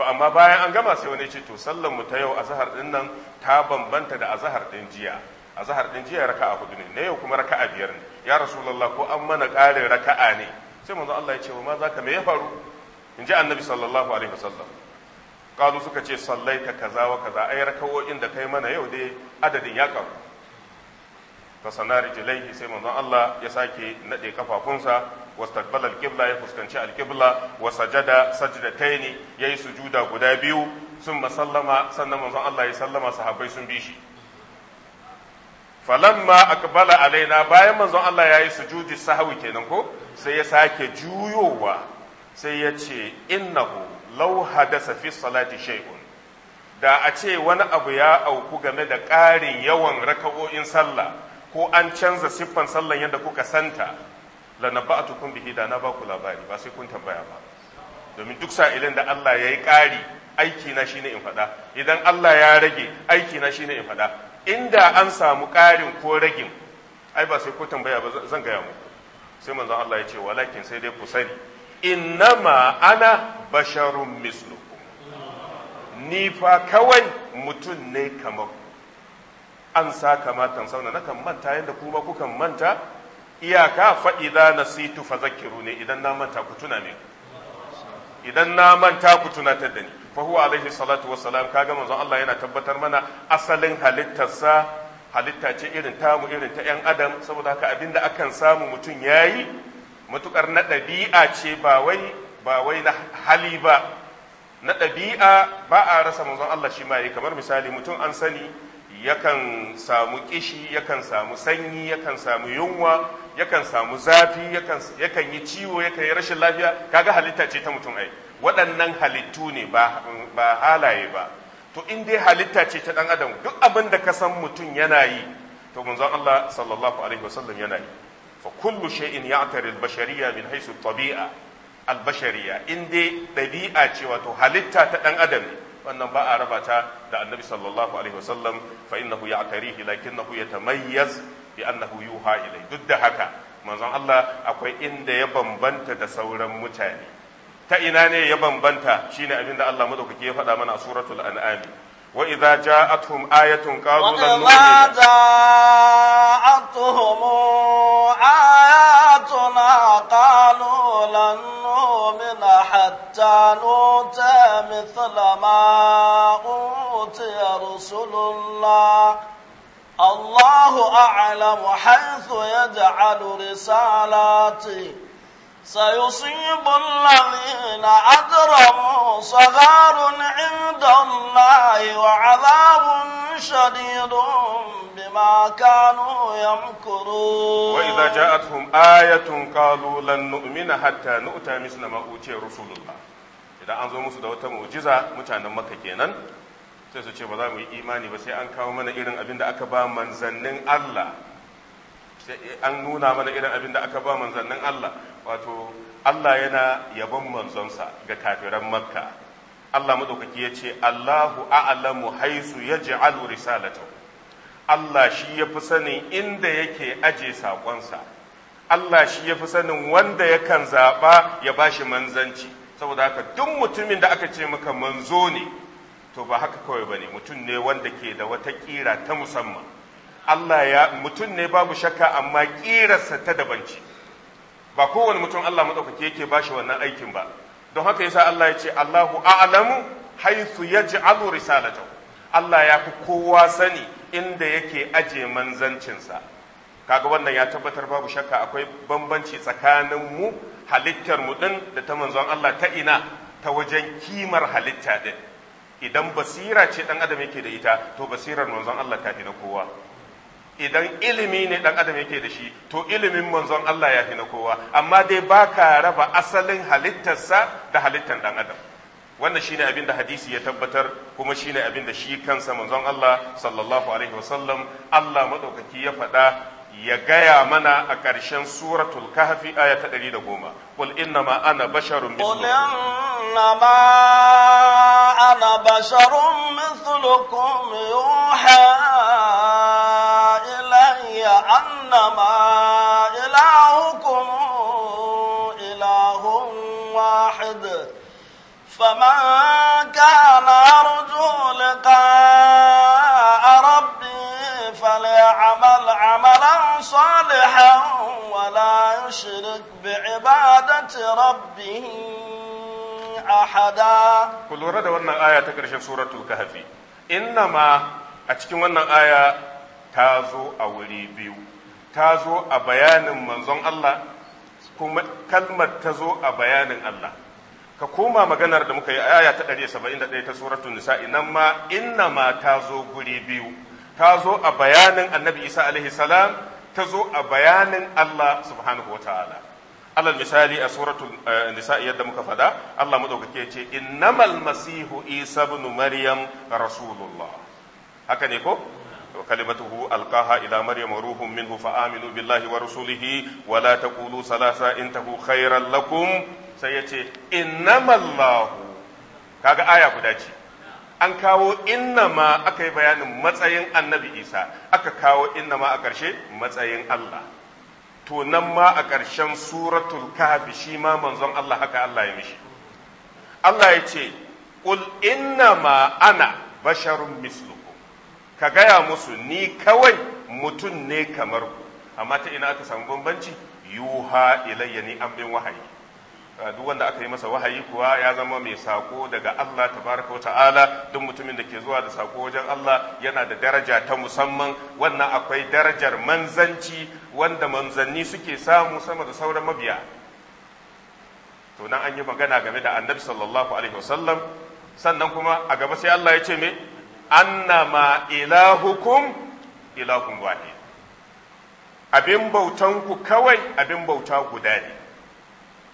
Speaker 2: to amma bayan an gama sai wani ce to sallan mu ta yau azhar din nan ta bambanta da azhar din jiya azhar din jiya raka'a hudu ne na yau kuma raka'a biyar ne ya rasulullah ko an mana ƙarin raka'a ne sai manzon Allah ya ce wa ma zaka me ya faru in ji annabi sallallahu alaihi wasallam kalu suka ce sallaita kaza wa kaza ai rakawo'in da kai mana yau dai adadin ya karu fa sana rijlaihi sai manzon Allah ya sake nade kafafunsa wastaqbala kibla ya fuskanci alqibla wa sajada sajdataini yayi sujuda guda biyu sun sallama sannan manzon Allah ya sallama sahabbai sun bi shi falamma akbala alaina bayan manzon Allah yayi sujudi sahwi kenan ko sai ya sake juyowa sai ya ce innahu lau hadasa fi salati shay'un da a ce wani abu ya auku game da ƙarin yawan raka'o'in sallah ko an canza siffan sallan yadda kuka santa la naba'atukum bihi da na baku labari ba sai kun tambaya ba domin duk sa'ilin da Allah ya yi ƙari aiki na shine in faɗa idan Allah ya rage aiki na shine in faɗa inda an samu ƙarin ko ragin ai ba sai ku tambaya ba zan gaya muku sai manzon Allah ya ce walakin sai dai ku sani innama ana basharun mislukum ni fa kawai mutum ne kamar ku an sa kamatan sauna kan manta yadda kuma kukan manta iyaka fa'iza na situ fa zakiru ne idan na manta ku tuna min idan na manta ku tunatar da ni fa huwa alaihi salatu wassalam kaga zan Allah yana tabbatar mana asalin halittarsa halitta ce irin tamu irin ta 'yan adam saboda haka abinda akan samu mutum yayi matukar na ɗabi'a ce ba wai na hali ba na ɗabi'a ba a rasa manzon Allah shi ma yi kamar misali mutum an sani yakan samu kishi yakan samu sanyi yakan samu yunwa yakan samu zafi yakan yi ciwo yakan yi rashin lafiya kaga halitta ce ta mutum ai waɗannan halittu ne ba halaye ba to in dai halitta ce ta ɗan adam duk abin da ka san mutum yana yi to manzon Allah sallallahu alaihi wasallam yana yi fa kullu shay'in ya'tari al-bashariyya min haythu at-tabi'a al in dai dabi'a ce wato halitta ta dan adam wannan ba'a a raba ta da annabi sallallahu alaihi wasallam fa innahu ya'tarihi lakinnahu yatamayyaz bi annahu yuha ilai duk da haka manzon Allah akwai inda ya bambanta da sauran mutane ta ina ne ya bambanta shi ne abin da Allah madaukake ya faɗa mana a suratul an'am wa idza ja'atuhum ayatun qalu lan nu'mina
Speaker 1: جاءتهم آياتنا قالوا لن نؤمن حتى نؤتى مثل ما أوتي رسل الله الله أعلم حيث يجعل رسالاته سيصيب الذين أجرموا صغار عند الله وعذاب شديد بما كانوا يمكرون وإذا
Speaker 2: جاءتهم آية قالوا لن نؤمن حتى نؤتى مثل ما أوتي رسول الله idan an zo musu da wata mu'jiza mutanen maka kenan sai su ce ba za mu yi imani ba sai an kawo mana irin abin da aka ba manzannin Allah sai an nuna mana irin abin da aka ba manzannin Allah wato Allah yana yabon manzonsa ga kafiran makka Allah madaukaki ya ce Allahu a'lamu haisu yaj'alu risalatahu Allah shi ya fi sanin inda yake aje saƙonsa Allah shi ya fi sanin wanda yakan zaɓa ya ba shi manzanci saboda haka duk mutumin da aka ce maka manzo ne to ba haka kawai bane mutum ne wanda ke da wata ƙira ta musamman Allah ya mutum ne babu shakka amma ƙirarsa ta dabanci ba kowane mutum Allah madaukake yake ba shi wannan aikin ba don haka yasa Allah ya ce Allahu a'lamu haythu yaj'alu risalatahu Allah ya fi kowa sani inda yake aje manzancinsa kaga wannan ya tabbatar babu shakka akwai bambanci tsakanin mu halittar mu din da ta manzon Allah ta ina ta wajen kimar halitta din idan basira ce dan adam yake da ita to basirar manzon Allah ta fi na kowa idan ilimi ne dan adam yake da shi to ilimin manzon Allah ya fi na kowa amma dai baka raba asalin halittarsa da halittar dan adam wannan shine abin da hadisi ya tabbatar kuma shine abin da shi kansa manzon Allah sallallahu alaihi wasallam Allah madaukaki ya faɗa ya gaya mana a ƙarshen suratul kahfi aya ta 110 qul innama ana basharun mithlukum
Speaker 1: ana basharun mithlukum yuha إلي أنما إلهكم إله واحد فمن كان يرجو لقاء ربي فليعمل عملا صالحا ولا يشرك بعبادة ربه أحدا
Speaker 2: كل ورد وانا آية تكرش سورة الكهف إنما a cikin wannan aya ta zo a wuri biyu ta zo a bayanin manzon Allah kuma kalmar ta zo a bayanin Allah ka koma maganar da muka yi aya ta 171 ta suratul nisa nan ma inna ma ta zo guri biyu ta zo a bayanin annabi isa alaihi salam ta zo a bayanin Allah subhanahu wataala alal misali a suratul eh, nisa yadda muka fada Allah madaukake ya ce innamal masihu isa ibn maryam rasulullah haka ne ko wa kalimatuhu alqaha ila Maryam, ruhun minhu fa aminu billahi wa rusulihi wa la taqulu salasa intahu khairan lakum sai yace innamallahu kaga aya guda ce an kawo innama aka yi bayanin matsayin annabi isa aka kawo innama a ƙarshe matsayin allah to nan ma a ƙarshen suratul kahfi shi ma manzon allah haka allah ya mishi allah ya ce ƙul innama ana basharun mislu ka gaya musu ni kawai mutum ne kamar ku amma ta ina aka samu bambanci yuha ilayya ni an bin wahayi ah, duk wanda aka yi masa wahayi kuwa ya zama mai sako daga Allah tabaraka ta'ala duk mutumin da ke zuwa da sako wajen Allah yana da daraja ta musamman wannan akwai darajar manzanci wanda manzanni suke samu sama da sauran mabiya to nan an yi magana game da annabi sallallahu alaihi wasallam sannan kuma a gaba sai Allah ya ce me annama ilahukum ilahun wahi abin ku kawai abin bauta guda ne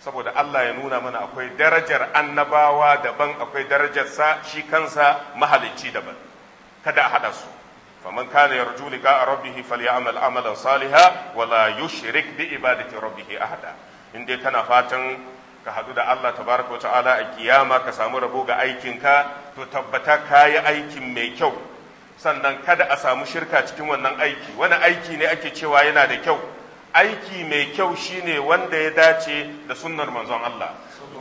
Speaker 2: saboda Allah ya nuna mana akwai darajar annabawa daban akwai darajar sa shi kansa mahalicci daban kada a hada su faman kana yarju liqa rabbih falyamal amalan saliha wala yushrik bi ibadati rabbih ahada inde kana fatan ka hadu da Allah tabaraka wa ta'ala a kiyama ka samu rabo ga aikinka to tabbata ka yi aikin mai kyau sannan kada a samu shirka cikin wannan aiki wani aiki ne ake cewa yana da kyau aiki mai kyau shine wanda ya dace da sunnar manzon Allah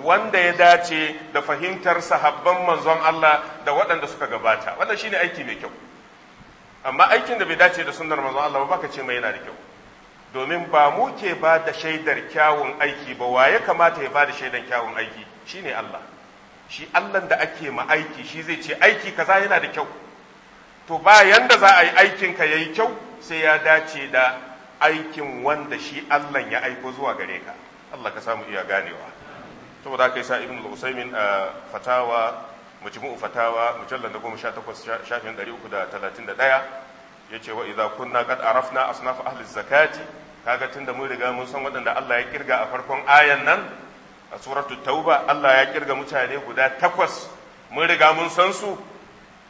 Speaker 2: wanda ya dace da fahimtar sahabban manzon Allah da waɗanda suka gabata wannan shine aiki mai kyau amma aikin da bai dace da sunnar manzon Allah ba ka ce mai yana da kyau domin ba mu ke ba da shaidar kyawun aiki ba waye kamata ya ba da shaidar kyawun aiki shine Allah shi Allah da ake ma aiki shi zai ce aiki kaza yana da kyau to ba yanda za a yi aikin ka yayi kyau sai ya dace da aikin wanda shi Allah ya aiko zuwa gare ka Allah ka samu iya ganewa To saboda haka yasa Ibn al-Usaymin a uh, fatawa mujmu fatawa mujallal da 18 shafin 331 yace wa idza kunna qad arafna asnaf ahli zakati kaga tunda mun riga mun san waɗanda Allah ya kirga a farkon ayan nan a suratu tauba Allah ya kirga mutane guda takwas mun riga mun san su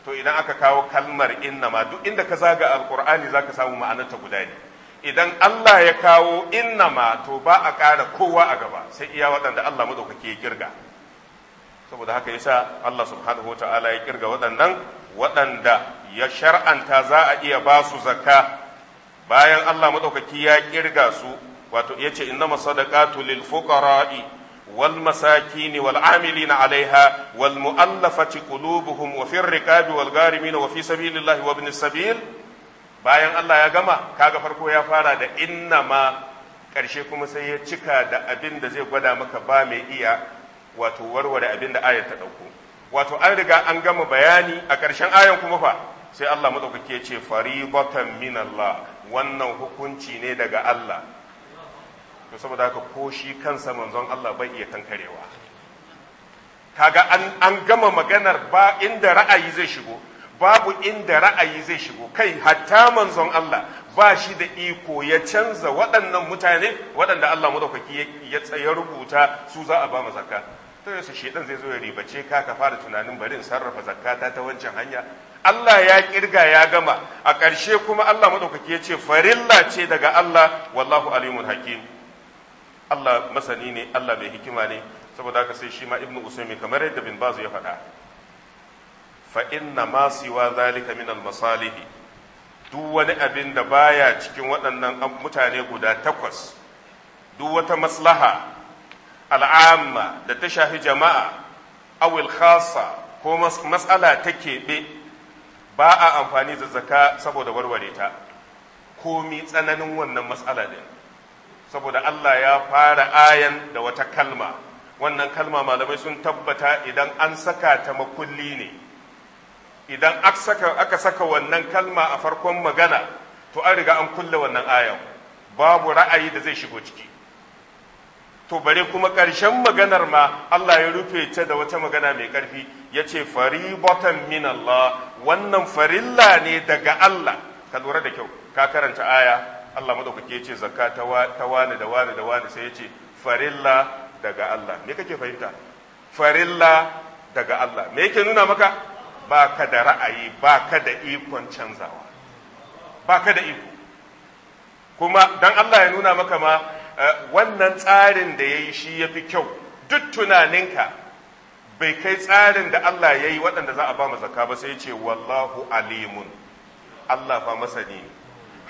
Speaker 2: to idan aka kawo kalmar innama duk inda ka zaga alqur'ani zaka samu ma'anarta guda ne idan Allah ya kawo innama to ba a ƙara kowa a gaba sai iya waɗanda Allah maɗaukaki ya kirga saboda haka yasa Allah subhanahu wa ya kirga waɗannan waɗanda ya shar'anta za a iya ba su zakka bayan Allah maɗaukaki ya kirga su wato ya ce innama sadaqatu lil fuqara'i والمساكين والعاملين عليها والمؤلفة قلوبهم وفي الركاب والغارمين وفي سبيل الله وابن السبيل bayan Allah ya gama kaga farko ya fara da innama, ƙarshe kuma sai ya cika da abin da zai gwada maka ba mai iya wato warware abin da ayar ta ɗauko wato an riga an gama bayani a ƙarshen ayan kuma fa sai Allah maɗaukaki ya ce faribatan min Allah wannan hukunci ne daga Allah to saboda haka ko shi kansa manzon Allah bai iya tankarewa kaga an gama maganar ba inda ra'ayi zai shigo babu inda ra'ayi zai shigo kai hatta manzon Allah ba shi da iko ya canza waɗannan mutane waɗanda Allah madaukaki ya ya rubuta su za a ba mu zakka to yasa shedan zai zo ya ribace ka ka fara tunanin bari in sarrafa zakkata ta wancan hanya Allah ya kirga ya gama a ƙarshe kuma Allah madaukaki ya ce farilla ce daga Allah wallahu alimun hakim Allah masani ne Allah mai hikima ne saboda haka sai shi ma ibnu usaimi kamar yadda bin bazu ya faɗa fa inna ma siwa zalika min al masalihi duk wani abin da baya cikin waɗannan mutane guda takwas duk wata maslaha al'amma da ta shafi jama'a awil khasa ko mas'ala ta keɓe ba a amfani da zaka saboda warware ta komi tsananin wannan matsala din saboda Allah ya fara ayan da wata kalma wannan kalma malamai sun tabbata idan an saka ta makulli ne idan aka saka wannan kalma a farkon magana to an riga an kulle wannan ayan babu ra'ayi da zai shigo ciki to bare kuma ƙarshen maganar ma Allah ya rufe ta da wata magana mai ƙarfi ya ce faribatan min Allah wannan farilla ne daga Allah ka lura da kyau ka karanta aya Allah madaukake ya ce zakka ta wani da wani da wani sai ya ce farilla daga Allah me kake fahimta farilla daga Allah me yake nuna maka ba ka da ra'ayi ba ka da ikon canzawa ba ka da iko kuma dan Allah ya nuna maka ma eh, wannan tsarin da ya yi shi ya fi kyau duk tunaninka bai kai tsarin da Allah ya yi waɗanda za a ba zakka ba sai ce wallahu alimun Allah fa masani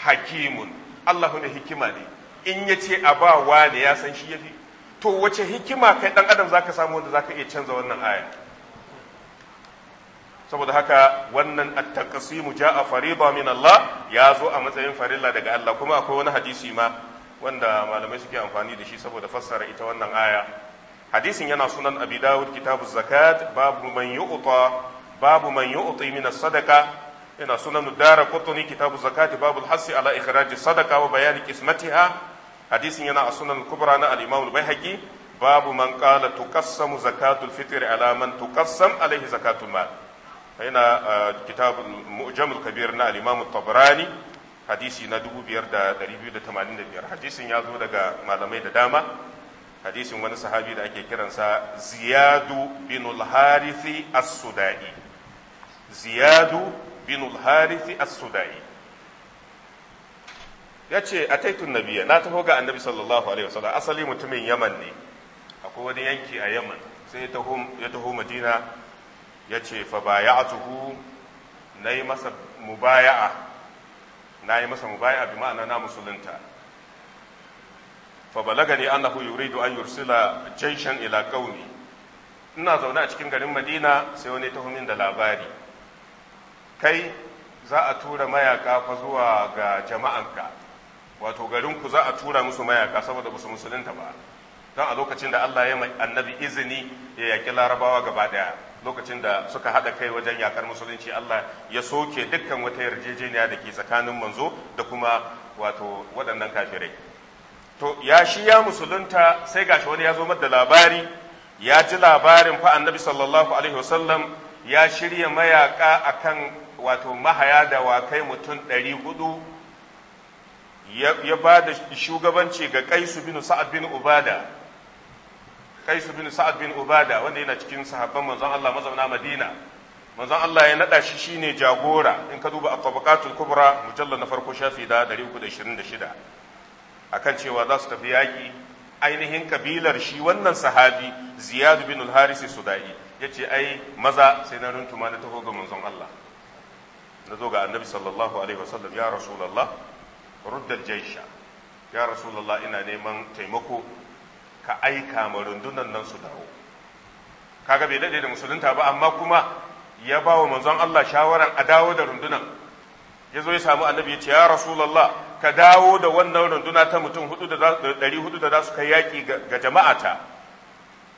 Speaker 2: hakimun Allah ne hikima ne in ya ce a ba wa ne ya san shi ya fi to wace hikima kai dan adam zaka samu wanda zaka iya canza wannan aya saboda haka wannan at-taqsimu ja'a fariḍa min Allah ya zo a matsayin farilla daga Allah kuma akwai wani hadisi ma wanda malamai suke amfani da shi saboda fassara ita wannan aya hadisin yana sunan abi dawud kitabu zakat babu man yu'ta babu man yu'ti min as yana sunan dara qutni kitabu zakati babu hasi ala ikhraj sadaka wa bayani qismatiha hadisin yana a sunan kubra na al-imam al-baihaqi babu man qala tuqassamu zakatul fitr ala man tuqassam alayhi zakatul mal yana kitabul mu'jamul kabir na al-imam at-tabrani hadisi na 5285 hadisin ya zo daga malamai da dama hadisin wani sahabi da ake kiransa ziyadu bin al-harithi as-sudai ziyadu bin al-harith as-sudai yace ataitu nabiyya na taho ga annabi sallallahu alaihi wasallam asali mutumin yaman ne akwai wani yanki a yaman sai ya taho ya taho madina yace fa bay'atuhu nayi masa mubaya'a nayi masa mubaya'a bi ma'ana na musulunta fa balagani annahu yuridu an yursila jayshan ila qaumi ina zaune a cikin garin madina sai wani taho min da labari kai za a tura mayaka fa zuwa ga jama'anka wato garinku za a tura musu mayaka saboda musu musulunta ba don a lokacin da Allah ya mai annabi izini ya yaki larabawa gaba daya lokacin da suka haɗa kai wajen yakar musulunci Allah ya soke dukkan wata yarjejeniya da ke tsakanin manzo da kuma wato waɗannan kafirai to ya shi ya musulunta sai gashi wani ya zo da labari ya ji labarin fa annabi sallallahu alaihi wasallam ya shirya mayaka akan wato mahaya da mutum ɗari hudu ya ba da shugabanci ga kaisu bin sa'ad bin ubada kaisu bin sa'ad bin ubada wanda yana cikin sahabban manzon Allah mazauna madina manzon Allah ya nada shi shine jagora in ka duba at-tabaqatul kubra mujallar na farko shafi da 326 akan cewa za su tafi yaki ainihin kabilar shi wannan sahabi ziyad bin al-haris sudai yace ai maza sai na runtuma na taho ga manzon Allah na zo ga annabi sallallahu alaihi wasallam ya rasulallah ruddal jaisha ya ina neman taimako ka aika ma rundunan nan su dawo kaga bai daɗe da musulunta ba amma kuma ya ba wa manzon Allah shawaran a dawo da rundunan ya zo ya samu annabi ya ce ya rasulullah ka dawo da wannan runduna ta mutum ɗari hudu da za su kai yaƙi ga jama'ata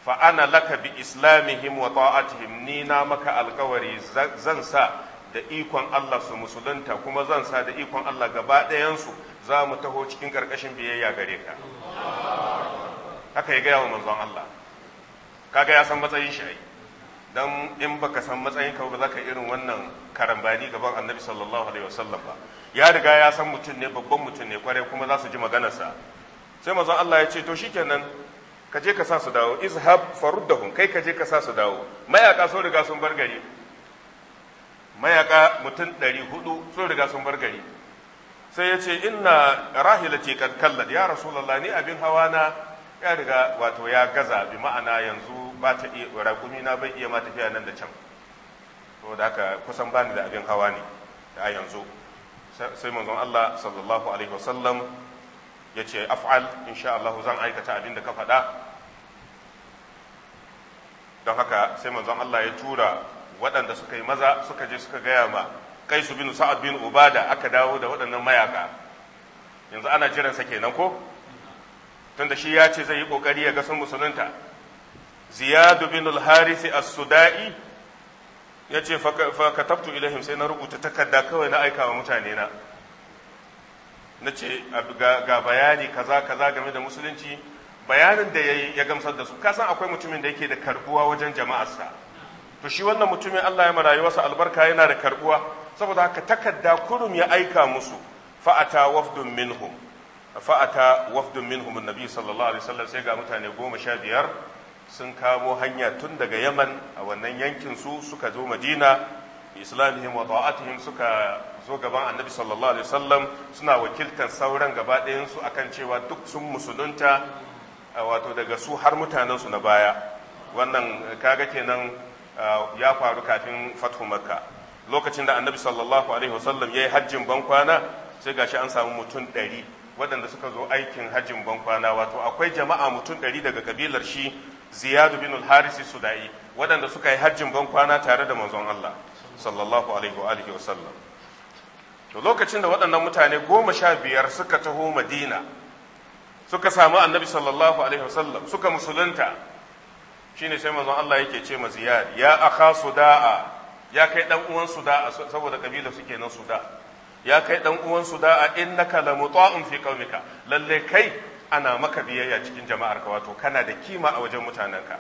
Speaker 2: fa ana laka bi islamihim wa ta'atihim ni na maka alkawari zan sa da ikon Allah su musulunta kuma zan sa da ikon Allah gaba ɗayansu za mu taho cikin ƙarƙashin biyayya gare ka haka ya gaya wa manzon Allah kaga ya san matsayin shi don in baka san matsayin ka ba za ka irin wannan karambani gaban annabi sallallahu alaihi wasallam ba ya riga ya san mutum ne babban mutum ne kwarai kuma za su ji maganarsa sai manzon Allah ya ce to shikenan ka je ka sa su dawo izhab faruddahum kai ka je ka sa su dawo mayaka sun riga sun bar gari mayaka mutum ɗari hudu sun riga sun bar gari sai ya ce inna rahila ce kallat ya rasulullah ni abin hawa na ya riga wato ya gaza bi ma'ana yanzu ba ta iya raƙumi na bai iya ma tafiya nan da can to da haka kusan bani da abin hawa ne da a yanzu sai manzon Allah sallallahu alaihi wasallam ya ce af'al insha Allah zan aikata abin da ka faɗa don haka sai manzon Allah ya tura waɗanda suka yi maza suka je suka gaya ma kai su bin sa'ad bin ubada aka dawo da waɗannan mayaka yanzu ana jiran sa kenan ko tunda shi ya ce zai yi kokari ya ga sun musulunta ziyadu bin al-harith as-sudai ya fa katabtu ilaihim sai na rubuta takarda kawai na aika wa mutane na nace ga bayani kaza kaza game da musulunci bayanin da ya gamsar da su kasan akwai mutumin da yake da karbuwa wajen jama'arsa to shi wannan mutumin Allah ya marayuwarsa albarka yana da karbuwa saboda haka takarda kurum ya aika musu fa'ata wafdun minhum fa'ata wafdun minhum annabi sallallahu alaihi wasallam sai ga mutane goma sha biyar sun kamo hanya tun daga yaman a wannan yankin su suka zo madina bi islamihim wa ta'atihim suka zo gaban annabi sallallahu alaihi wasallam suna wakiltar sauran gaba ɗayan su akan cewa duk sun musulunta wato daga su har mutanen su na baya wannan kaga kenan ya faru kafin fathu makka lokacin da annabi sallallahu alaihi wasallam ya yi hajjin bankwana sai gashi an samu mutum ɗari waɗanda suka zo aikin hajjin bankwana wato akwai jama'a mutum ɗari daga kabilar shi ziyadu bin al-harisi sudai waɗanda suka yi hajjin bankwana tare da manzon Allah sallallahu alaihi wa alihi wasallam to lokacin da waɗannan mutane goma sha biyar suka taho madina suka samu annabi sallallahu alaihi wasallam suka musulunta shine sai manzon Allah yake ce ma Ziyad ya akha Suda'a ya kai dan uwan Suda'a saboda kabila suke nan Suda ya kai dan uwan Suda'a innaka lamuta'un fi qaumika lalle kai ana maka biyayya cikin jama'ar ka wato kana da kima a wajen ka,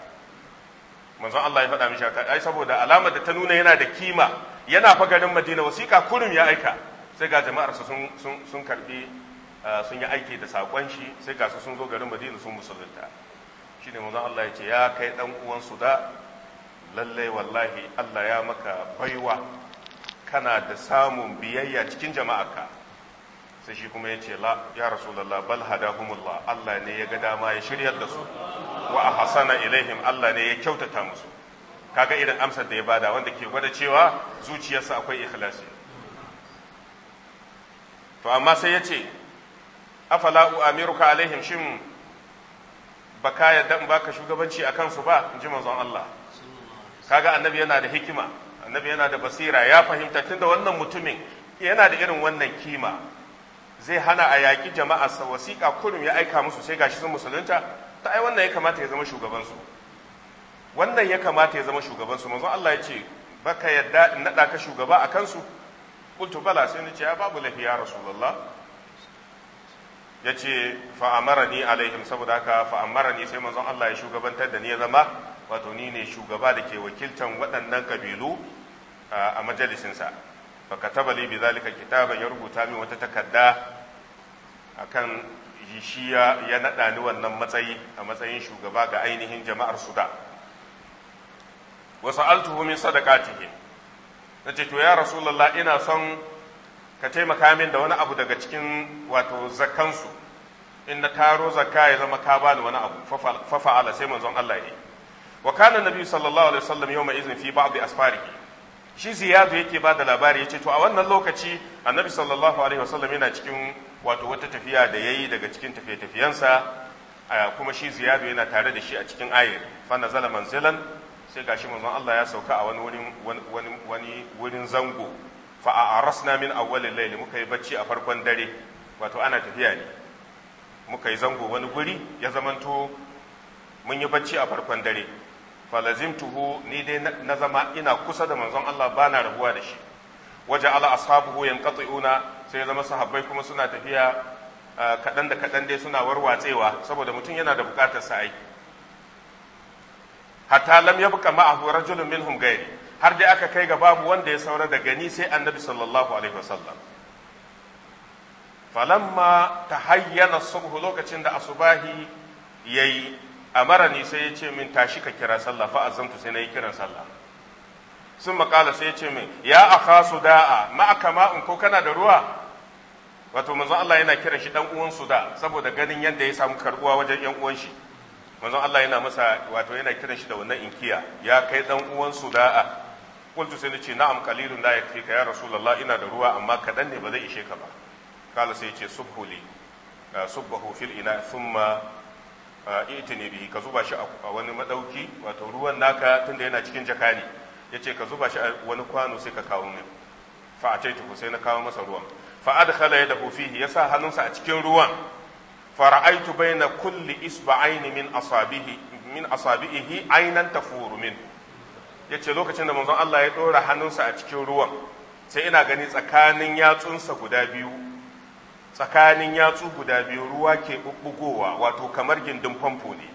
Speaker 2: manzon Allah ya faɗa mishi haka ai saboda alamar da ta nuna yana da kima yana fa garin Madina wasiƙa kurum ya aika sai ga jama'ar sun sun sun karbi ah, sun yi aiki da sakon shi sai ga su sun zo garin Madina sun musulunta shine manzon Allah ya ce ya kai dan uwan da lalle wallahi Allah ya maka baiwa kana da samun biyayya cikin jama'aka sai shi kuma ya ce la ya rasulullah bal hadahumullah Allah ne ya ga dama ya shiryar da su wa ahsana ilaihim Allah ne ya kyautata musu kaga irin amsar da ya bada wanda ke gwada cewa zuciyarsa akwai ikhlasi to amma sai ya ce afala Amiruka alaihim shin ba ka yadda in baka shugabanci a kansu ba in ji manzon Allah kaga annabi yana da hikima annabi yana da basira ya fahimta tunda wannan mutumin yana da irin wannan kima zai hana a yaki jama'a sa wasiƙa kullum ya aika musu sai gashi sun musulunta ta ai wannan ya kamata ya zama shugabansu wannan ya kamata ya zama shugabansu manzon Allah ya ce baka yadda in nada ka shugaba a kansu qultu bala sai ni ce ya babu lafiya rasulullah ya ce ni alaihim saboda haka ni sai manzon Allah ya shugabantar da ni ya zama wato ni ne shugaba da ke wakiltan waɗannan kabilu a majalisinsa fa kataba li bidhalika ba ya rubuta min wata takarda akan shi ya naɗa ni wannan matsayi a matsayin shugaba ga ainihin jama'ar su da. wasu altuhu min na nace to ya rasulallah ina son ka taimaka min da wani abu daga cikin wato zakansu in na taro zakka ya zama ka bani wani abu fafa'ala sai manzon Allah ya yi wa kana nabi sallallahu alaihi wasallam yawma izin fi ba'd asfarihi shi ziyadu yake ba da labari yace to a wannan lokaci annabi sallallahu alaihi wasallam yana cikin wato wata tafiya da yayi daga cikin tafiye tafiyansa kuma shi ziyadu yana tare da shi a cikin ayir fa nazala manzilan sai gashi manzon Allah ya sauka a wani wani wurin zango fa a arasna min awwalil layli muka yi bacci a farkon dare wato ana tafiya ne muka yi zango wani guri ya zamanto mun yi bacci a farkon dare falazimtuhu ni dai na zama ina kusa da manzon Allah bana rabuwa da shi waje ala ashabuhu yanqati'una sai zama sahabbai kuma suna tafiya kadan da kadan dai suna warwatsewa saboda mutum yana da bukatar sa'i hatta lam yabqa ma'ahu rajulun minhum gairi har dai aka kai ga babu wanda ya saura da gani sai annabi sallallahu alaihi wasallam falamma tahayyana subhu lokacin da asubahi yayi ni sai ya ce min tashi ka kira sallah fa azantu sai na yi kiran sallah sun makala sai ya ce min ya akha suda'a ma'aka ma'un ko kana da ruwa wato manzo Allah yana kiran shi dan uwan da saboda ganin yadda ya samu karbuwa wajen yan uwan shi manzon Allah yana masa wato yana kiran shi da wannan inkiya ya kai dan uwan su da'a qultu sai na ce na'am qalilun la yakfika ya rasulullah ina da ruwa amma kaɗan ne ba zai ishe ka ba kala sai yace subhuli ah, subbahu fil ina thumma ah, i'tini bihi ka zuba a wani madauki wato ruwan naka tunda yana cikin jaka ne yace ka zuba shi a wani kwano sai ka kawo min fa ataituhu sai na kawo masa ruwan fa adkhala yadahu fihi yasa hannunsa a cikin ruwan fara'aitu baina kulli isba'aini min asabihi min asabihi aynan tafuru ya ce lokacin da manzon Allah ya ɗora hannunsa a cikin ruwan sai ina gani tsakanin yatsunsa guda biyu tsakanin yatsu guda biyu ruwa ke ɓuɓɓugowa wato kamar gindin famfo ne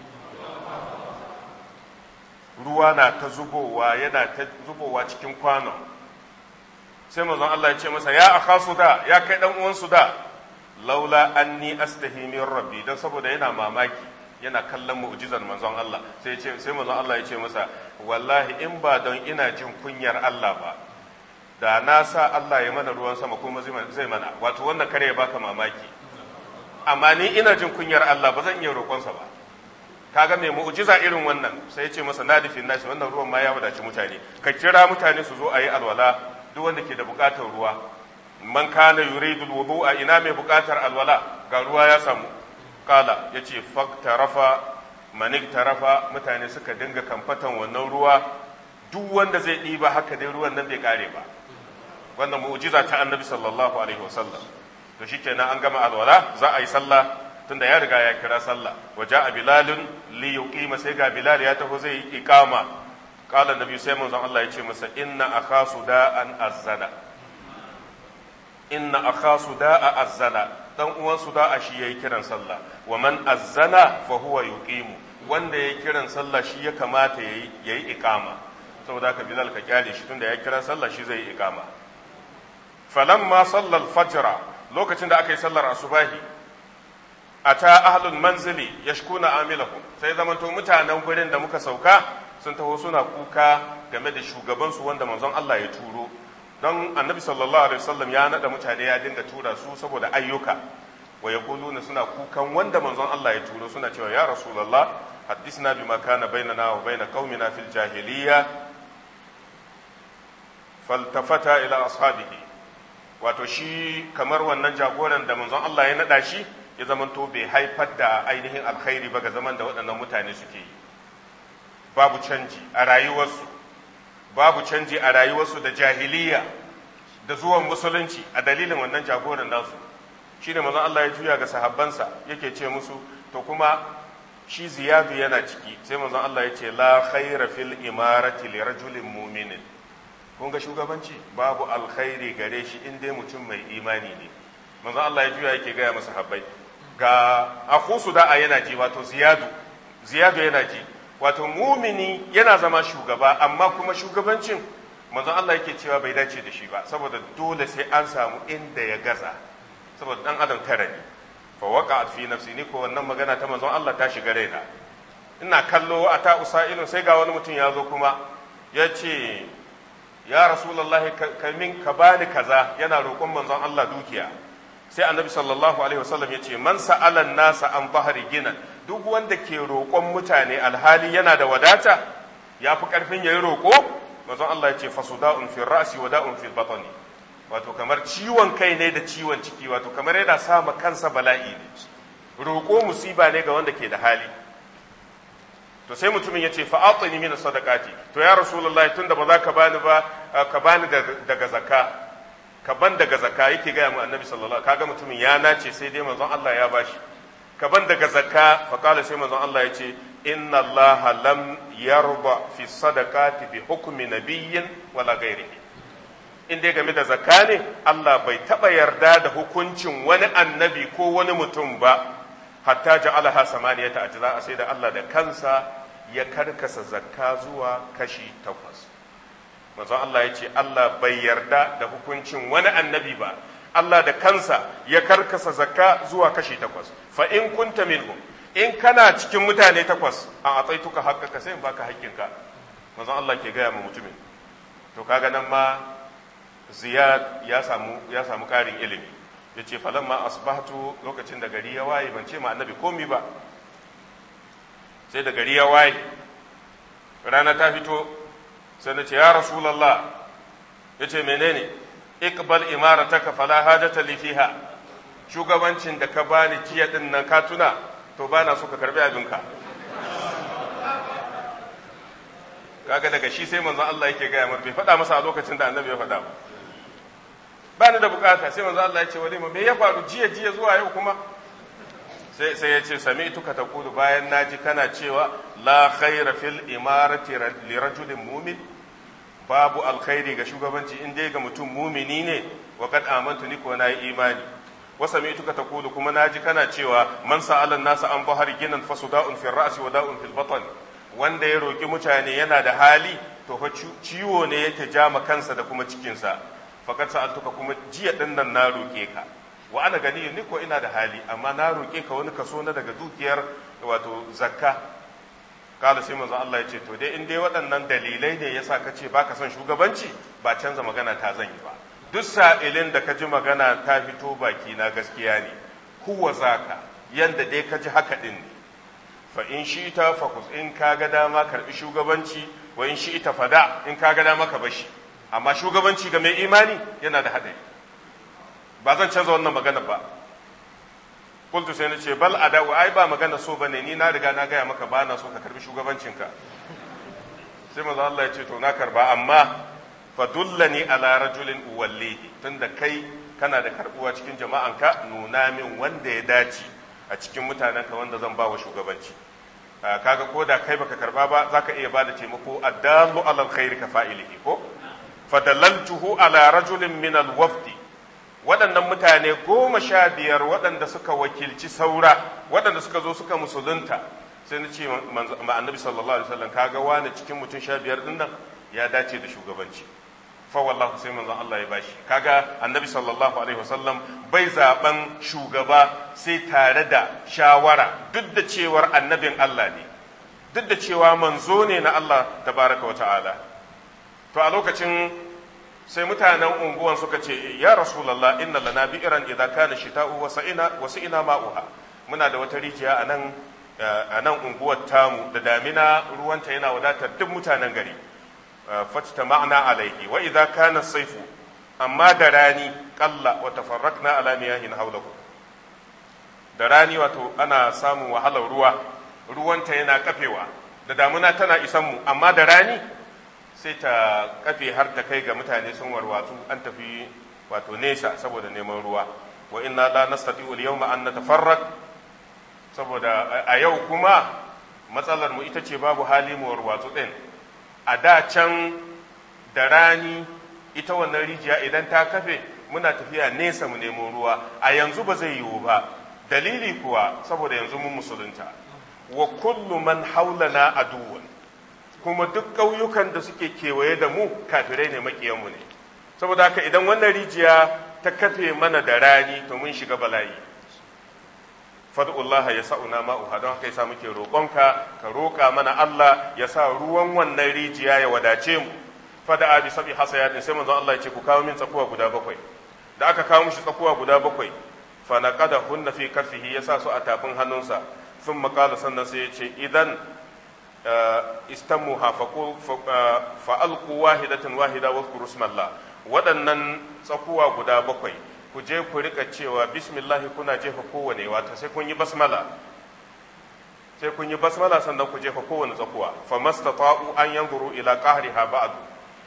Speaker 2: ruwa na ta zubowa yana ta zubowa cikin kwano sai manzon Allah ya ce masa ya akha su da ya kai dan uwansu laula da laula as da himiyar rabbi don saboda yana mamaki yana kallon mu'jizar manzon Allah sai ce sai manzon Allah ya ce masa wallahi in ba don ina jin kunyar Allah ba da na sa Allah ya mana ruwan sama kuma zai mana wato wannan kare ya baka mamaki amma ni ina jin kunyar Allah ba zan iya roƙonsa ba kaga mai mu'jiza irin wannan sai ya ce masa nadifin nashi wannan ruwan ma ya wadaci mutane ka kira mutane su zo a yi alwala duk wanda ke da buƙatar ruwa man kana yuridul wudu'a ina mai buƙatar alwala ga ruwa ya samu kala ya ce faktarafa maniktarafa mutane suka dinga kamfatan wannan ruwa duk wanda zai ɗiba haka dai ruwan nan bai kare ba wannan mu'jiza ta annabi sallallahu alaihi wasallam to an gama alwala za a yi sallah tunda ya riga ya kira sallah waje a bilalun li yuqima sai ga bilal ya taho zai iqama qala annabi sai manzon Allah ya ce masa inna akhasu da'an azzana inna akhasu da'a azzana dan uwan su da'a shi yayi kiran sallah wa man azzana fa huwa yuqimu wanda ya kiran sallah shi ya kamata ya yi ikama saboda ka bilal ka kyale shi tunda ya kira sallah shi zai yi ikama falamma sallal fajra lokacin da aka yi sallar asubahi ata ahlul manzili yashkuna amilahum sai zamanto mutanen gurin da muka sauka sun taho suna kuka game da shugabansu wanda manzon Allah ya turo don annabi sallallahu alaihi wasallam ya nada mutane ya dinga tura su saboda ayyuka wa yaquluna suna kukan wanda manzon Allah ya turo suna cewa ya rasulullah hadisna na kana bainana wa bain qaumina fil jahiliya faltafata ila ashabihi wato shi kamar wannan jagoran da manzon Allah ya nada shi ya zamanto bai haifar da ainihin alkhairi ba ga zaman da waɗannan mutane suke yi babu canji a rayuwarsu babu canji a rayuwarsu da jahiliya da zuwan musulunci a dalilin wannan jagoran nasu shine manzon Allah ya juya ga sahabbansa yake ce musu to kuma shi ziyadu yana ciki sai manzon Allah ya ce la khaira fil imarati li rajulin mu'minin kun ga shugabanci babu alkhairi gare shi in dai mutum mai imani ne manzon Allah ya juya yake gaya masa habbai ga akhusu a yana ji wato ziyadu ziyadu yana ji wato mumini yana zama shugaba amma kuma shugabancin manzon Allah yake cewa bai dace da shi ba saboda dole sai an samu inda ya gaza saboda dan adam tara ne fa waqa fi nafsi ni ko wannan magana ta manzon Allah ta shiga raina ina kallo a ta usailu sai ga wani mutum ya zo kuma ya ce ya rasulullahi ka min ka bani kaza yana roƙon manzon Allah dukiya sai annabi sallallahu alaihi wasallam ya ce man sa'alan nasa an bahari gina duk wanda ke roƙon mutane alhali yana da wadata ya fi ƙarfin ya yi roƙo manzon Allah ya ce fasuda'un fi ra'si wada'un fi batni wato kamar ciwon kai ne da ciwon ciki wato kamar yana sama kansa bala'i ne roƙo musiba ne ga wanda ke da hali to sai mutumin ya ce fa'atani min sadakati. to ya rasulullahi tunda ba za ka bani ba ka bani daga zaka? ka ban daga zakka yake ga mu annabi sallallahu alaihi kaga mutumin ya nace sai dai manzon Allah ya bashi ka ban daga zaka fa kala sai manzon Allah ya ce inna Allah lam yarba fi sadakati bi hukmi nabiyyin wala ghairihi in dai game da zakka ne Allah bai taɓa yarda da hukuncin wani annabi ko wani mutum ba hatta ja'alaha samaniyata ajza a sai da Allah da kansa ya karkasa zakka zuwa kashi takwas manzo Allah ya ce Allah bai yarda da hukuncin wani annabi ba Allah da kansa ya karkasa zakka zuwa kashi takwas fa in kunta minhum in kana cikin mutane takwas a atsaituka haƙƙaka sai in baka haƙƙinka manzo Allah ke gaya ma mutumin to kaga nan ma ziyad ya samu ya samu karin ilimi yace falamma asbahtu lokacin da gari ya waye ban ce ma annabi komi ba sai da gari ya waye rana ta fito sai na ce ya rasulullah yace menene iqbal imarataka fala hajata li fiha shugabancin da ka bani jiya din nan ka tuna to bana so ka karbi abinka kaga daga shi sai manzon Allah yake gaya mar bai faɗa masa a lokacin da annabi ya faɗa ba ba ni da bukata sai manzo Allah ya ce walima me ya faru jiya jiya zuwa yau kuma sai sai ya ce sami'tu ka taqulu bayan naji kana cewa la khaira fil imarati li rajulin mu'min babu alkhairi ga shugabanci in dai ga mutum mumini ne wa kad amantu ni ko nayi imani wa sami'tu ka taqulu kuma naji kana cewa man sa'ala nasa an bahar ginan fasuda'un fil ra'si wa da'un fil batn wanda ya roki mutane yana da hali to fa ciwo ne yake jama kansa da kuma cikinsa sa sa'altuka kuma jiya din nan na roke ka wa ana gani ni ko ina da hali amma na roke ka wani kaso na daga dukiyar wato zakka kala sai manzo Allah ya ce to dai in dai waɗannan dalilai ne yasa ka ce baka son shugabanci ba canza magana ta zan yi ba duk sa'ilin da kaji magana ta fito baki na gaskiya ne kuwa zaka yanda dai kaji haka din ne fa in shi ta fakus in ka ga dama karbi shugabanci wa in shi ta fada in ka ga dama ka bashi amma shugabanci ga mai imani yana da haɗari ba zan canza wannan magana ba kultu sai na ce bal a ada'u ai ba magana so bane ni na riga na gaya maka ba na so ka karbi shugabancinka sai manzo Allah ya ce to na karba amma fadullani ala rajulin uwalli tunda kai kana da karbuwa cikin jama'an ka nuna min wanda ya dace a cikin mutanen ka wanda zan ba wa shugabanci ah, kaga ko da kai baka karba ba zaka iya bada taimako addallu alal khairi ka fa'ilihi ko fadalaltuhu ala rajulin min alwafdi waɗannan mutane goma sha biyar waɗanda suka wakilci saura waɗanda suka zo suka musulunta sai na ce ma annabi sallallahu alaihi wasallam kaga wani cikin mutum sha biyar din nan ya dace da shugabanci fa wallahu sai manzon Allah ya bashi kaga annabi sallallahu alaihi wasallam bai zaben shugaba sai tare da shawara duk da cewar annabin Allah ne duk da cewa manzo ne na Allah tabaraka wa ta'ala to a lokacin sai mutanen unguwan suka ce ya rasulullah inna lana bi'ran idza kana shita'u wa sa'ina wa sa'ina ma'uha muna da wata rijiya a nan eh, a nan unguwar tamu da damina ruwanta yana wadatar duk mutanen gari eh, fatita ma'ana alaihi wa idza kana saifu amma da rani qalla wa tafarrakna ala miyahin hawlahu da rani wato ana samun wahalar ruwa ruwanta yana kafewa da damina tana isan mu amma da rani sai ta kafe har ta kai ga mutane sun warwatsu an tafi wato nesa saboda neman ruwa wa inna la nastati'u al-yawma an natafarraq saboda a yau kuma matsalar mu ita ce babu hali mu warwatsu din a da can da rani ita wannan rijiya idan ta kafe muna tafiya nesa mu neman ruwa a yanzu ba zai yiwu ba dalili kuwa saboda yanzu mun musulunta wa kullu man haulana aduwwan kuma duk ƙauyukan da suke kewaye da mu kafirai ne maƙiyanmu ne saboda haka idan wannan rijiya ta kafe mana da rani to mun shiga bala'i fad'ullaha ya sa'una ma'uha don haka ya sa muke roƙonka ka roƙa mana Allah ya sa ruwan wannan rijiya ya wadace mu fada abi sabi din sai manzo Allah ya ce ku kawo min tsakuwa guda bakwai da aka kawo mishi tsakuwa guda bakwai fa naqadahunna fi kafihi yasa su a tafin hannunsa sun maƙala sannan sai ya ce idan istamuha fa alqu wahidatan wahida wa rusmallah waɗannan tsakuwa guda bakwai ku je ku rika cewa bismillah kuna jefa kowane wata sai kun yi basmala sai kun yi basmala sannan ku jefa kowane tsakuwa fa mastata'u an yanzuru ila qahriha ba'd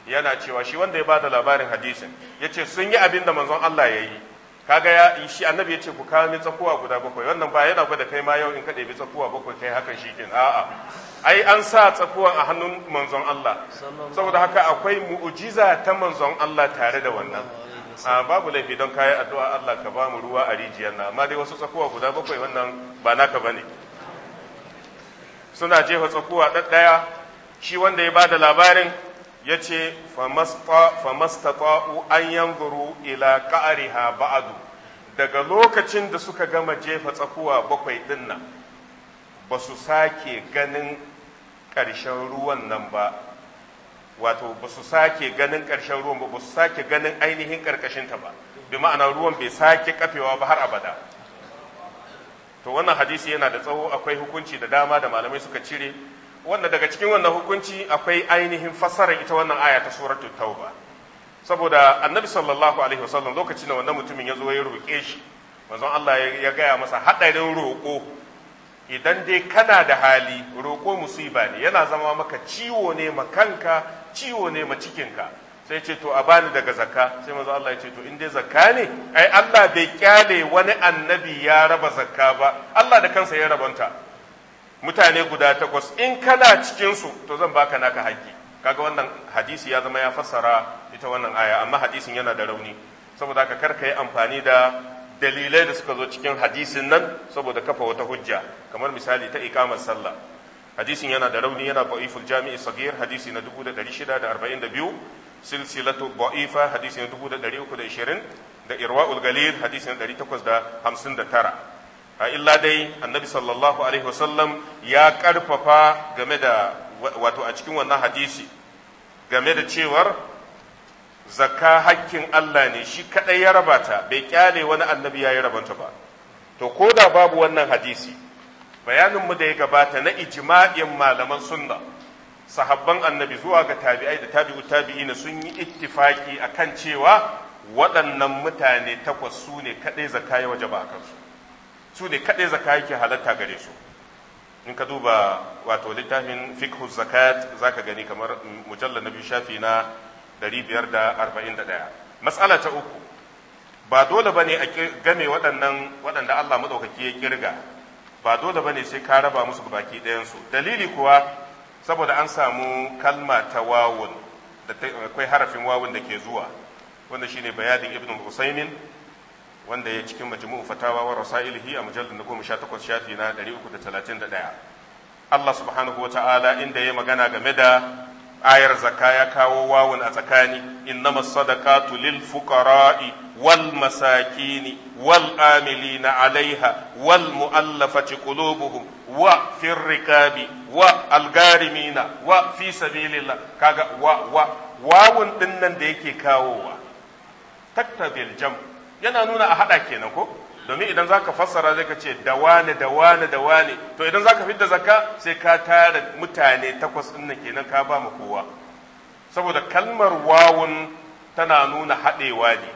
Speaker 2: yana cewa shi wanda ya bada labarin hadisin yace sun yi abin da manzon Allah ya yi kaga ya shi annabi yace ku kawo tsakuwa guda bakwai wannan ba yana gwada kai ma yau in ka bi tsakuwa bakwai kai hakan shi kin a'a ai an sa tsakuwa a hannun manzon Allah saboda haka akwai mu'ujiza ta manzon Allah tare da wannan a babu laifi don kayi addu'a Allah ka ba mu ruwa a rijiyar na amma dai wasu tsakuwa guda bakwai wannan ba naka bane suna jefa tsakuwa ɗaya shi wanda ya ba da labarin ya ce famastata'u an yanzuru ila ƙa'ariha ba'adu daga lokacin da suka gama jefa tsakuwa bakwai ɗinnan ba su sake ganin ƙarshen ruwan nan ba wato ba su sake ganin ƙarshen ruwan ba ba su sake ganin ainihin ƙarƙashinta ba bi ma'ana ruwan bai sake kafewa ba har abada to wannan hadisi yana da tsawo akwai hukunci da dama da malamai suka cire wanda daga cikin wannan hukunci akwai ainihin fassarar ita wannan aya ta suratul tauba saboda annabi sallallahu alaihi wasallam lokacin da wannan mutumin ya zo ya roƙe shi manzon Allah ya gaya masa haɗarin roƙo idan dai kana da hali roƙo musiba ne yana zama maka ciwo ne ma kanka ciwo ne ma cikinka sai ce to a bani daga zakka sai manzo Allah ya ce to in dai zakka ne ai Allah bai kyale wani annabi ya raba zakka ba Allah da kansa ya rabanta mutane guda takwas in kana cikinsu to zan baka naka haƙƙi kaga wannan hadisi ya zama ya fassara ita wannan aya amma hadisin yana da rauni saboda ka karka yi amfani da dalilai da suka zo cikin hadisin nan saboda kafa wata hujja kamar misali ta ikamar sallah hadisin yana da rauni yana ba'iful jami'i sagir hadisi na 1642 silsilatu ba'ifa hadisi na 1320 da irwa'ul galil hadisi na 859 a illa dai annabi sallallahu alaihi wasallam ya karfafa game da wato a cikin wannan hadisi game da cewar zakka hakkin Allah ne shi kadai ya raba ta bai kyale wani annabi ya yi rabanta ba to ko da babu wannan hadisi bayanin mu da ya gabata na ijma'in malaman sunna sahabban annabi zuwa ga tabi'ai da tabi'u tabi'ina sun yi ittifaki akan cewa waɗannan mutane takwas su ne kadai zakka ya wajaba akan su su ne kadai zakka yake halatta gare su in ka duba wato littafin fiqhu zakat zaka gani kamar mujallal nabi shafi na 541 matsala ta uku ba dole bane a game waɗannan waɗanda Allah madaukaki ya kirga ba dole bane sai ka raba musu baki ɗayansu dalili kuwa saboda an samu kalma ta wawun da akwai harafin wawun da ke zuwa wanda shine bayanin ibn Husaymin wanda ya cikin majmu'u fatawa wa rasailihi a mujallal na 18 shafi na 331 Allah subhanahu wata'ala inda ya magana game da ayar zaka ya kawo wawun a tsakani inna sadaqatu lil fuqara'i wal masakini wal amilina alaiha wal mu'allafati qulubuhum wa fir rikabi wa algarimina wa fi sabilillah kaga wa wa wawun din da yake kawowa taktabil jam yana nuna a hada kenan ko domin idan zaka fassara zai ka ce da wane da wane da wane to idan zaka fidda zakka sai ka tara mutane takwas ɗin na kenan ka ba mu kowa saboda kalmar wawun tana nuna haɗewa ne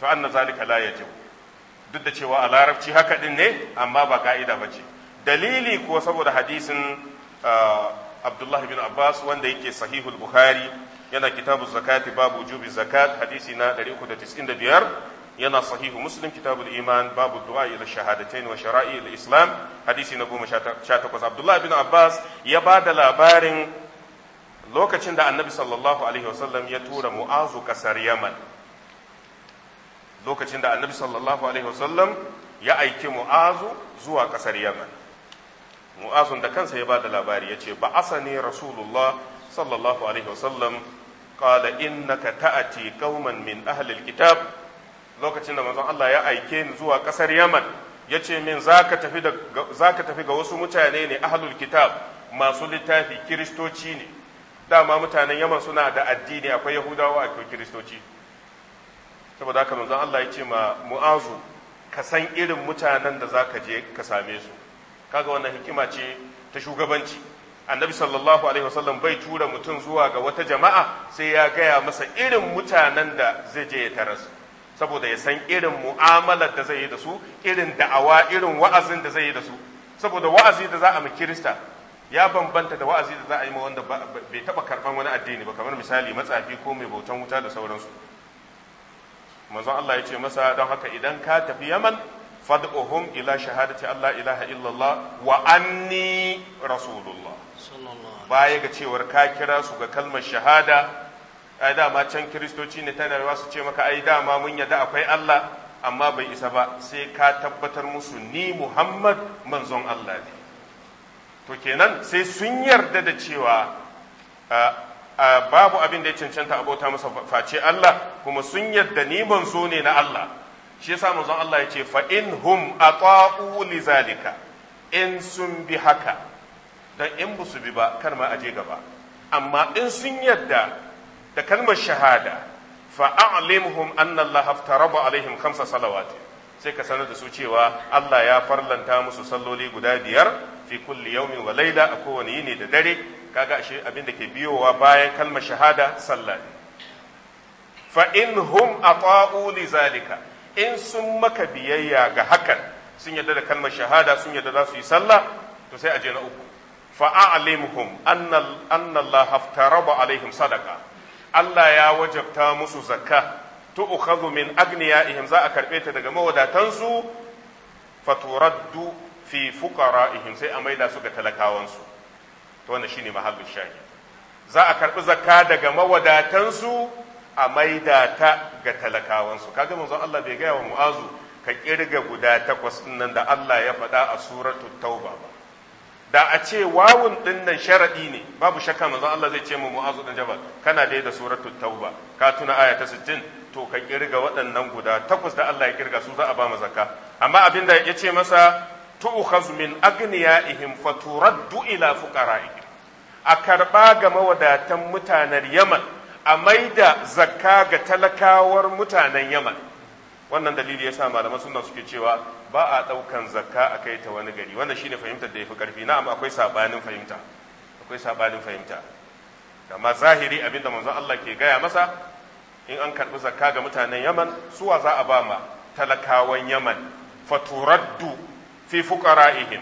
Speaker 2: to anna zalika la yajib duk da cewa a larabci haka ɗin ne amma ba ka'ida ba ce dalili kuwa saboda hadisin ah, Abdullahi bin Abbas wanda yake sahihul Bukhari yana kitabu zakati babu jubi zakat hadisi na 395 yana sahihu muslim kitabul iman babu du'a ila shahadatain wa shara'i ila islam hadisi na goma sha takwas abdullahi bin abbas ya ba da labarin lokacin da annabi sallallahu alaihi wasallam ya tura mu'azu kasar yaman lokacin da annabi sallallahu alaihi wasallam ya aiki mu'azu zuwa kasar yaman mu'azun da kansa ya ba da labari ya ce ba asani rasulullah sallallahu alaihi wasallam qala innaka ta'ati qauman min ahli alkitab lokacin da manzon Allah ya aike ni zuwa ƙasar Yaman ya ce min za ka tafi ga wasu mutane ne ahlul kitab masu littafi kiristoci ne dama mutanen Yaman suna da addini akwai Yahudawa akwai kiristoci saboda haka manzon Allah ya ce ma Mu'azu ka san irin mutanen da za ka je ka same su kaga wannan hikima ce ta shugabanci annabi sallallahu alaihi wasallam bai tura mutum zuwa ga wata jama'a sai ya gaya masa irin mutanen da zai je ya taras saboda ya san irin mu'amalar da zai yi da su irin da'awa irin wa'azin da zai yi da su saboda wa'azi da za a ma kirista ya bambanta da wa'azi da za a yi ma wanda bai taba karban wani addini ba kamar misali matsafi ko mai bautan wuta da sauransu manzo Allah ya ce masa don haka idan ka tafi Yaman fad'uhum ila shahadati Allah ilaha illallah wa anni rasulullah baya ga cewar ka kira su ga kalmar shahada ai dama can kiristoci ne tana rawa su ce maka ai dama mun yadda akwai Allah amma bai isa ba sai ka tabbatar musu ni Muhammad manzon Allah ne to kenan sai sun yarda da cewa babu abin da ya cancanta abota masa face Allah kuma sun yarda ni manzo ne na Allah shi yasa manzon Allah ya ce fa in hum ata'u li zalika in sun bi haka dan in ba bi ba kar ma aje gaba amma in sun yarda da kalmar shahada fa'alimhum anna Allah haftaraba alaihim khamsa salawat sai ka sanar da su cewa Allah ya farlanta musu salloli guda biyar fi kulli yawmin wa laila a kowane yini da dare kaga ashe abin da ke biyowa bayan kalmar shahada sallah fa in hum ata'u li zalika in sun maka biyayya ga hakan sun yadda da kalmar shahada sun yadda za su yi sallah to sai a je na uku fa'alimhum anna anna Allah haftaraba alaihim sadaqa Allah ya wajabta musu zakka tu'khadhu min agniyaihim za a karbe ta daga mawadatansu faturaddu fi fuqara'ihim sai a maida su ga talakawansu to wannan shine mahallin shahi za a karbi zakka daga mawadatansu a maida ta ga talakawansu kaga manzon Allah bai ga wa mu'azu ka kirga guda takwas nan da Allah ya faɗa a suratul tauba ba da a ce wawun din nan sharadi ne babu shakka manzon Allah zai ce mu mu'azu dan jabal kana dai da suratul tauba ka tuna aya ta 60 to ka kirga waɗannan guda takwas da Allah ya kirga su za a ba mu zakka amma da ya ce masa tu'khazu min agniyaihim fa turaddu ila fuqara'ihim a karba ga mawadatan mutanen Yaman a maida zakka ga talakawar mutanen Yaman wannan dalili yasa malaman sunna suke cewa ba a ɗaukan zakka a kai ta wani gari wanda shine fahimtar da ya fi ƙarfi na'am akwai sabanin fahimta akwai sabanin fahimta amma zahiri abinda manzo Allah ke gaya masa in an karɓi zakka ga mutanen Yaman suwa za a ba ma talakawan Yaman faturaddu fi fuqara'ihim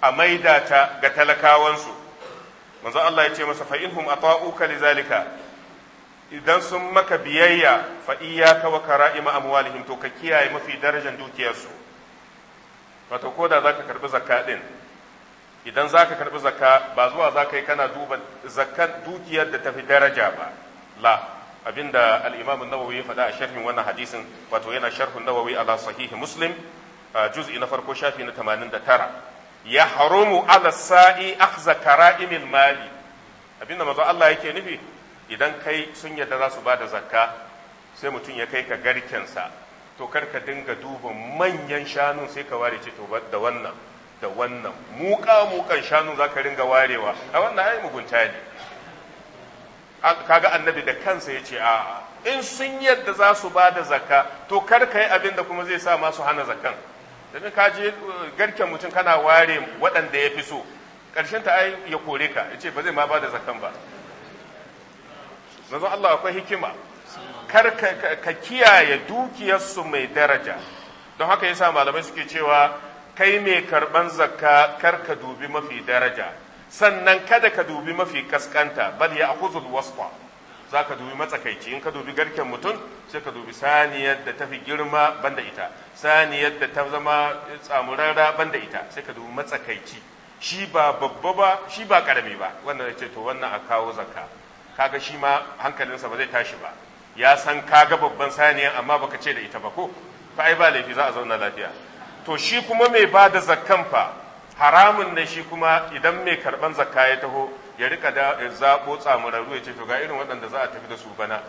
Speaker 2: a maida ta ga talakawansu manzo Allah ya ce masa fa inhum ata'uka lizalika idan sun maka biyayya fa iyyaka wa kara'ima amwalihim to ka kiyaye mafi darajar dukiyarsu wato ko da zaka karbi zakka din idan zaka karbi zakka ba zuwa zaka yi kana duba zakkan dukiyar da tafi daraja ba la abinda al-Imam nawawi ya faɗa a sharhin wannan hadisin wato yana sharhun Nawawi ala sahih Muslim juz'i na farko shafi na tara. ya harumu ala sa'i akhza kara'imil mali abinda manzo Allah yake nufi idan kai sun yadda za su ba da zakka sai mutum ya kai ka garkensa to kar ka dinga duba manyan shanun sai ka ware ce to da wannan da wannan muka mukan shanu za ka ringa warewa a wannan ai mugunta ne kaga annabi da kansa ya ce a'a in sun yadda za su ba da zakka to kar ka yi abin da kuma zai sa masu hana zakkan domin ka je uh, garken mutum kana ware waɗanda ya fi so ƙarshen ta ai ya kore ka ya ce ba zai ma ba da zakkan ba Allah akwai hikima kar ka kiyaye dukiyarsu mai daraja don haka yasa malamai suke cewa kai mai karban zakka kar ka dubi mafi daraja sannan kada ka dubi mafi kaskanta bal ya akuzul wasfa za ka dubi matsakaici in ka dubi garken mutum sai ka dubi saniyar da ta fi girma banda ita saniyar da ta zama tsamurara banda ita sai ka dubi matsakaici shi ba babba ba shi ba karami ba wannan ya ce to wannan a kawo zakka kaga shi ma hankalinsa ba zai tashi ba ya san ka ga babban saniya amma baka ce da ita ba ko fa ai ba laifi za a zauna lafiya to shi kuma mai ba da zakkan fa haramun ne shi kuma idan mai karban zakka ya taho ya rika da zabo tsamurarru ya ce to ga irin waɗanda za a tafi da su bana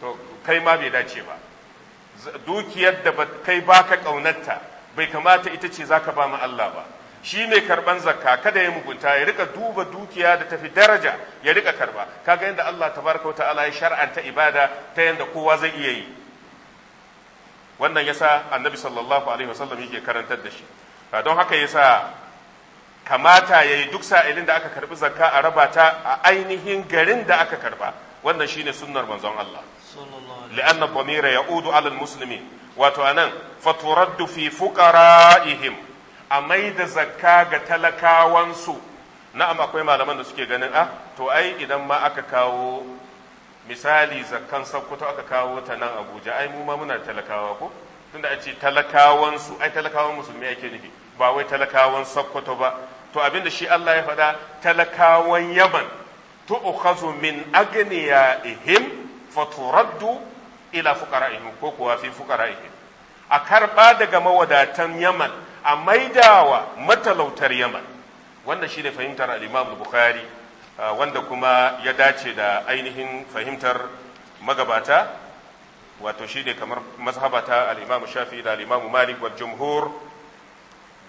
Speaker 2: to kai ma bai dace ba dukiyar da kai baka kaunarta bai kamata ita ce zaka ba mu Allah ba shi mai karban zakka kada ya mugunta ya rika duba dukiya da tafi daraja ya rika karba kaga yadda Allah tabaraka ta'ala ya shar'anta ibada ta yadda kowa zai iya yi wannan yasa annabi sallallahu alaihi wasallam yake karantar da shi ah, don haka yasa kamata ya yi duk sa'ilin da aka karbi zakka a raba ta a ainihin garin da aka karba wannan shine sunnar manzon Allah li'anna dhamira ya'udu 'ala al-muslimin wato anan faturaddu fi fuqara'ihim a mai da zakka ga talakawansu na'am akwai malaman da suke ganin a ah, to ai idan ma aka kawo misali zakkan sakkwato aka kawo ta nan abuja ai mu ma muna talakawa ko tunda a ce talakawansu ai talakawan musulmi ake nufi ba wai talakawan sakkwato ba to abinda shi allah ya faɗa talakawan yaman ukhazu min agniyaihim turaddu ila fuqara'ihim ko kuwa fi fuqara'ihim a karba daga mawadatan yaman a maidawa matalautar yaman shi ne fahimtar al'imamu bukhari wanda kuma ya dace da ainihin fahimtar magabata wato shi ne kamar mazhabata al'imamu shafi da al'imamu malik wa jumhur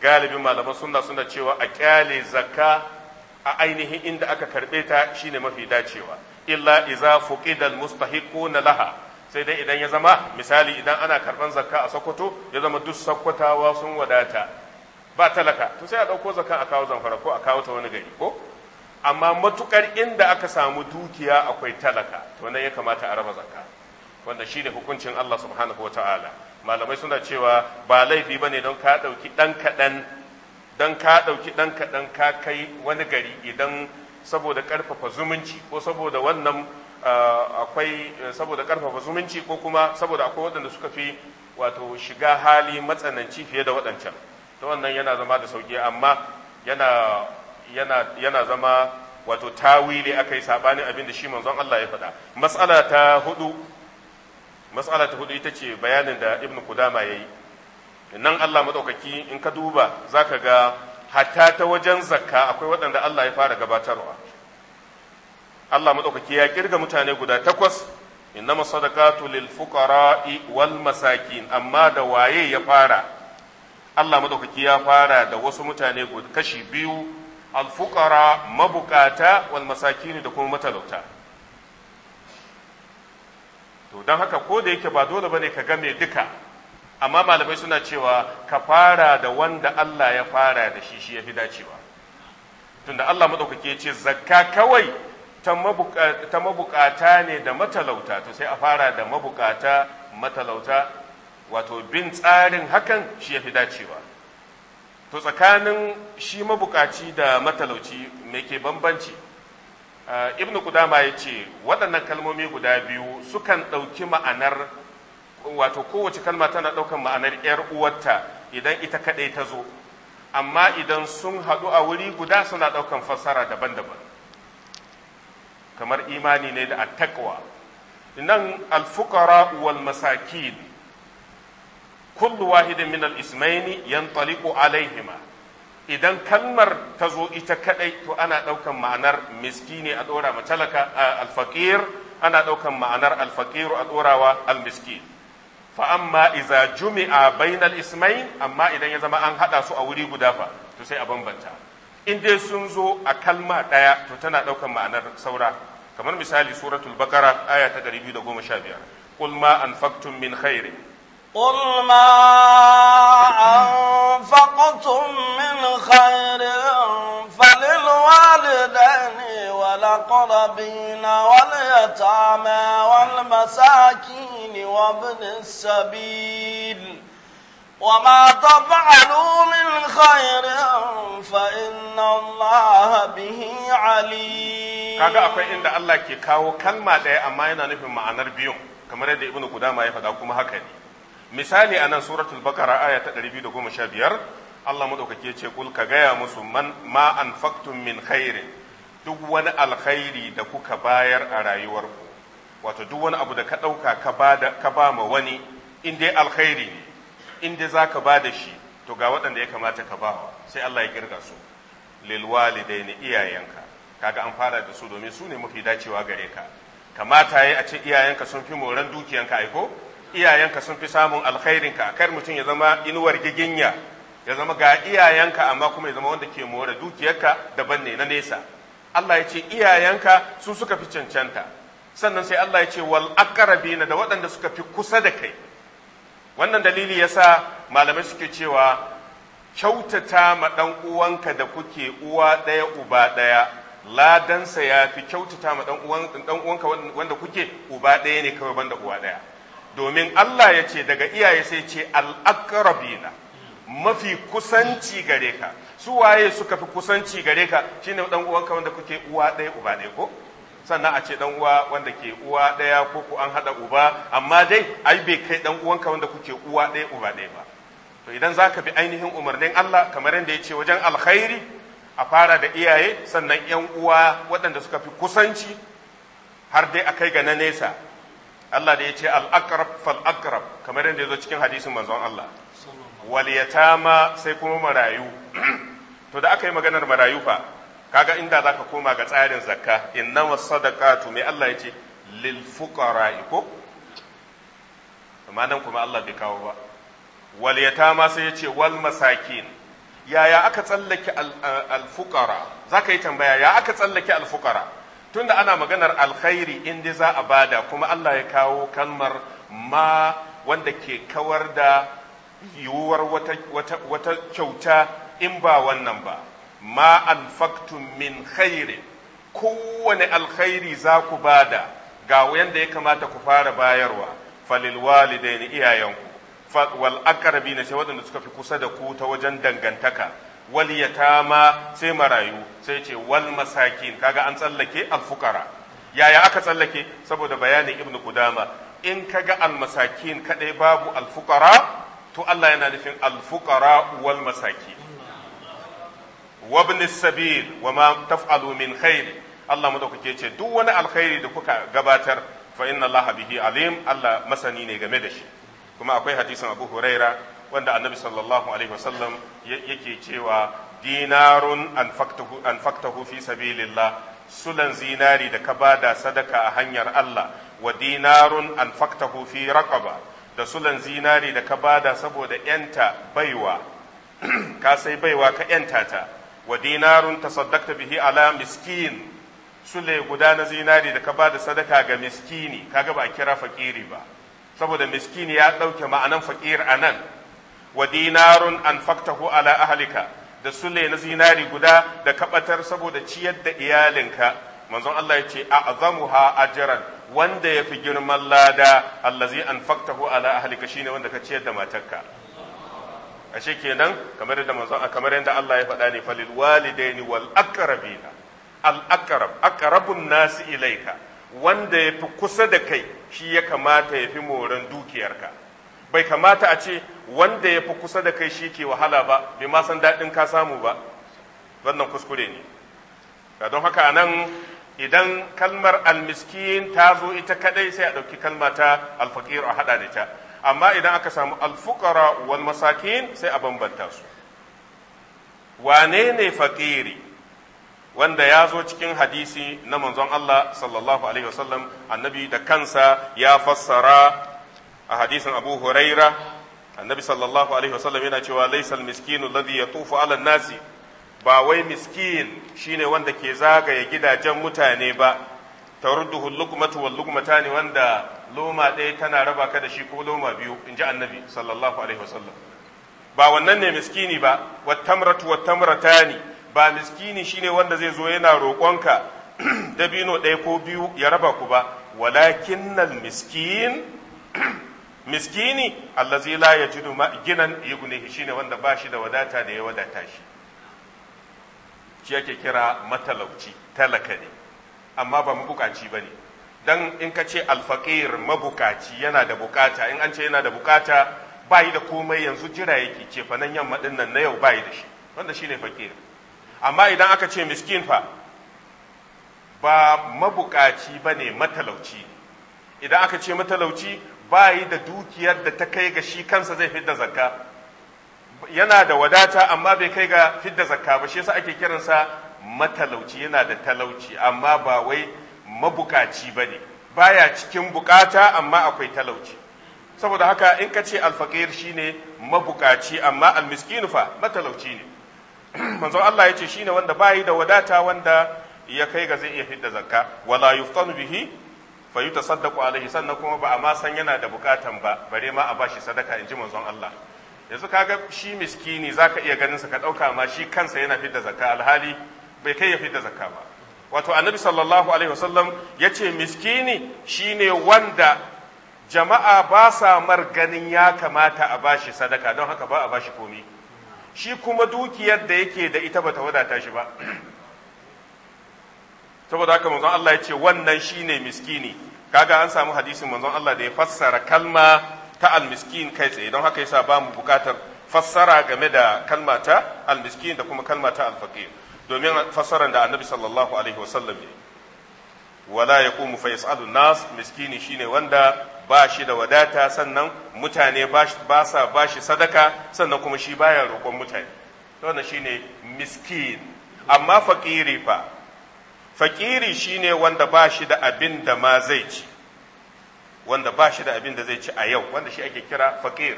Speaker 2: galibin malaman suna suna cewa a kyale zakka a ainihin inda aka karbe ta shine mafi dacewa illa iza fuqida al-mustahiquna laha sai dai idan ya zama misali idan ana karban zakka a sokoto ya zama duk sokotawa sun wadata ba talaka to sai a ɗauko zakka a kawo zamfara ko a kawo ta wani gari ko amma matukar inda aka samu dukiya akwai talaka to nan ya kamata a raba zakka wanda shine hukuncin Allah subhanahu ta'ala. malamai suna cewa ba laifi bane don ka ɗauki ɗan kaɗan don ka ɗauki ɗan kaɗan ka kai wani gari idan saboda ƙarfafa zumunci ko saboda wannan Ah, akwai eh, saboda karfafa zumunci ko kuma saboda akwai waɗanda suka fi wato shiga hali matsananci fiye da waɗancan ta wannan yana zama da sauki amma yana yana yana zama wato tawili akai saɓanin abin da shi manzon Allah ya faɗa mas'ala ta hudu mas'ala ta hudu ita ce bayanin da ibnu kudama ya yi nan Allah maɗaukaki in ka duba za ka ga hatta ta wajen zakka akwai waɗanda Allah ya fara gabatarwa Allah maɗaukaki ya kirga mutane guda takwas innama sadaqatu lil fuqara'i wal masakin amma da waye ya fara Allah maɗaukaki ya fara da wasu mutane guda kashi biyu al fuqara mabukata wal masakin da kuma matalauta to don haka ko da yake ba dole bane ka game duka amma malamai suna cewa ka fara da wanda Allah ya fara da shi shi ya fi dacewa tunda Allah maɗaukaki ya ce zakka kawai ta mabukata ne da matalauta to sai a fara da mabukata matalauta wato bin tsarin hakan shi ya fi dacewa to tsakanin shi mabukaci da matalauci mai ke bambanci ibn kudama ya ce waɗannan kalmomi guda biyu sukan ɗauki ma'anar wato kowace kalma tana ɗaukan ma'anar 'yar uwarta idan ita kaɗai ta zo amma idan sun haɗu a wuri guda suna ɗaukan fassara daban-daban kamar imani ne da attaqwa nan alfukara wal masakin kullu wahidin min al-ismaini yantaliqu alaihima idan kalmar ta zo ita kadai to ana daukan ma'anar miskini a dora matalaka alfaqir ana daukan ma'anar alfaqiru a dorawa almiskin fa amma iza jumi'a bainal ismain amma idan ya zama an hada su a wuri guda fa to sai a bambanta in dai sun zo a kalma daya to tana daukan ma'anar saura kamar misali suratul bakara aya ta 215 qul ma anfaqtum min khairin
Speaker 1: قل ما أنفقتم من خير فللوالدين والأقربين واليتامى والمساكين وابن السبيل وما تفعلوا من خير فإن الله به عليم
Speaker 2: kaga akwai inda Allah ke kawo kalma ɗaya amma yana nufin ma'anar biyun kamar yadda ibnu Qudama ya faɗa kuma haka ne misali a nan suratul bakara aya ta 215 Allah madaukake ce kul ka gaya musu man ma anfaqtum min khair duk wani alkhairi da kuka bayar a rayuwarku wato duk wani abu da ka ɗauka ka ba ma wani in alkhairi in dai za ka ba da shi to ga waɗanda ya kamata ka bawa sai Allah ya girga su dai ne iyayenka kaga an fara da su domin su ne mafi dacewa gare ka kamata ya a ce iyayenka sun fi moran dukiyanka aiko iyayenka sun fi samun alkhairinka kar mutum ya zama inuwar giginya ya zama ga iyayenka amma kuma ya zama wanda ke mora dukiyarka daban ne na nesa Allah ya ce iyayenka sun suka fi cancanta sannan sai Allah ya ce wal aqrabina da waɗanda suka fi kusa da kai wannan dalili yasa malamai suke cewa kyautata ma dan uwanka da kuke uwa ɗaya uba ɗaya ladansa ya fi kyautata ma dan uwanka wanda kuke uba ɗaya ne kawai banda uwa ɗaya domin Allah ya ce daga iyaye sai ce al'akarabina mafi kusanci gare ka su waye suka fi kusanci gare ka shine dan uwanka wanda kuke uwa ɗaya uba ɗaya ko sannan a ce dan uwa wanda ke uwa daya ko ku an hada uba amma dai ai bai kai dan uwanka wanda kuke uwa daya uba daya ba to idan zaka bi ainihin umarnin Allah kamar yadda ya ce wajen alkhairi a fara da iyaye sannan yan uwa waɗanda suka fi kusanci har dai a kai ga na nesa Allah da ya ce al-aqrab fal aqrab kamar yadda ya zo cikin hadisin manzon Allah wal yatama sai kuma marayu to da aka yi maganar marayu fa kaga inda zaka koma ga tsarin zakka innama sadaqatu mai Allah yace lil fuqara ko amma nan kuma Allah bai kawo ba wal yatama sai yace wal masakin yaya aka tsallake al fuqara zaka yi tambaya ya aka tsallake al fuqara tunda ana maganar alkhairi inda za a bada kuma Allah ya kawo kalmar ma wanda ke kawar da yiwuwar wata kyauta in ba wannan ba ma anfaktum min khairin kowane alkhairi za ku bada ga yanda ya kamata ku fara bayarwa falil walidaini iyayenku wal aqrabi na sai waɗanda suka fi kusa da ku ta wajen dangantaka wal yatama sai marayu sai ce wal masakin kaga an tsallake alfukara yaya aka tsallake saboda bayanin ibnu qudama in ka ga almasakin kadai babu alfukara to Allah yana nufin al fuqara wal masakin wabni sabil wa ma taf'alu min khairi Allah madaukake ce duk wani alkhairi da kuka gabatar fa inna Allah bihi alim Allah masani ne game da shi kuma akwai hadisin Abu Huraira wanda Annabi sallallahu alaihi wasallam yake cewa dinarun anfaqtahu anfaqtahu fi sabilillah sulan zinari da ka bada sadaka a hanyar Allah wa dinarun an faktahu fi raqaba da sulan zinari da ka bada saboda yanta baiwa ka sai baiwa ka yanta ta wa dinarun tasaddaqta bihi ala miskin sule guda na zinari da ka ba da sadaka ga miskini kaga ba kira fakiri ba saboda miskini ya ɗauke ma'anan fakir anan nan wa dinarun an ala ahlika da sule na zinari guda da kaɓatar saboda ciyar da iyalinka manzon Allah ya ce a'zamuha ajran wanda yafi girman lada allazi an ala ahlika shine wanda ka ciyar da matarka ashe kenan kamar yadda kamar yadda Allah ya faɗa ne falil walidaini wal aqrabina al aqrab aqrabun nasi ilaika wanda yafi kusa da kai shi ya kamata yafi moran dukiyarka bai kamata a ce wanda yafi kusa da kai shi ke wahala ba bai ma san daɗin ka samu ba wannan kuskure ne don haka anan idan kalmar almiskin ta zo ita kadai sai a ɗauki kalma ta alfaƙir a haɗa da ta amma idan aka samu alfukara wal masakin sai a bambanta su wane ne fakiri wanda ya zo cikin hadisi na manzon Allah sallallahu alaihi wasallam annabi da kansa ya fassara a hadisin abu huraira annabi sallallahu alaihi wasallam yana cewa laisal miskinu alladhi yatufu ala nasi ba wai miskin shine wanda ke zagaya gidajen mutane ba tarudduhu lukmatu wal lukmatani wanda loma ɗaya tana raba ka da shi ko loma biyu in ji annabi sallallahu alaihi wasallam ba wannan ne miskini ba wat tamratu wat tamratani ba miskini shine wanda zai zo yana roƙonka dabino ɗaya ko biyu ya raba ku ba walakinnal miskin miskini allazi la yajidu ginan yughnihi shine wanda ba shi da wadata da ya wadata shi shi yake kira matalauci talaka ne amma ba mabukaci ba ne don in ka ce alfaƙir mabukaci yana da bukata in an ce yana da bukata ba yi da komai yanzu jira yake ce fanan yamma ɗin nan na yau ba yi da shi wanda shi ne faƙir amma idan aka ce miskin fa ba mabukaci ba ne matalauci idan aka ce matalauci ba yi da dukiyar da ta kai ga shi kansa zai fidda zakka yana da wadata amma bai kai ga fidda zakka ba shi yasa ake kiransa matalauci yana da talauci amma ba wai mabukaci ba ne baya cikin bukata amma akwai talauci saboda haka in ka ce shi shine mabukaci amma almiskinu fa matalauci ne manzo Allah ya ce ne wanda bayi da wadata wanda ya kai ga zai iya fidda zakka wala yuftanu bihi fa yutasaddaqu alaihi sannan kuma ba a ma san yana da bukatan ba bare ma a bashi sadaka inji manzon Allah yanzu kaga shi miskini zaka iya ganin sa ka dauka ma shi kansa yana fidda zakka alhali bai kai ya da zakka ba wato annabi sallallahu alaihi wasallam ya ce miskini shine wanda jama'a ba sa mar ganin ya kamata a bashi sadaka don haka ba a bashi komi shi kuma dukiyar da yake da ita bata wadata shi ba saboda haka manzon Allah ya ce wannan shine miskini kaga an samu hadisin manzon Allah da ya fassara kalma ta almiskin kai tsaye don haka yasa ba mu bukatar fassara game da kalma ta almiskin da kuma kalma ta alfaqir domin fassarar da annabi sallallahu alaihi wasallam ya wala ya kuma fa yas'alu nas miskini shine wanda ba shi da wadata sannan mutane ba sa ba shi sadaka sannan kuma shi baya roƙon mutane wannan shine miskin amma fakiri fa fakiri shine wanda ba shi da abin da ma zai ci wanda ba shi da abin da zai ci a yau wanda shi ake kira fakir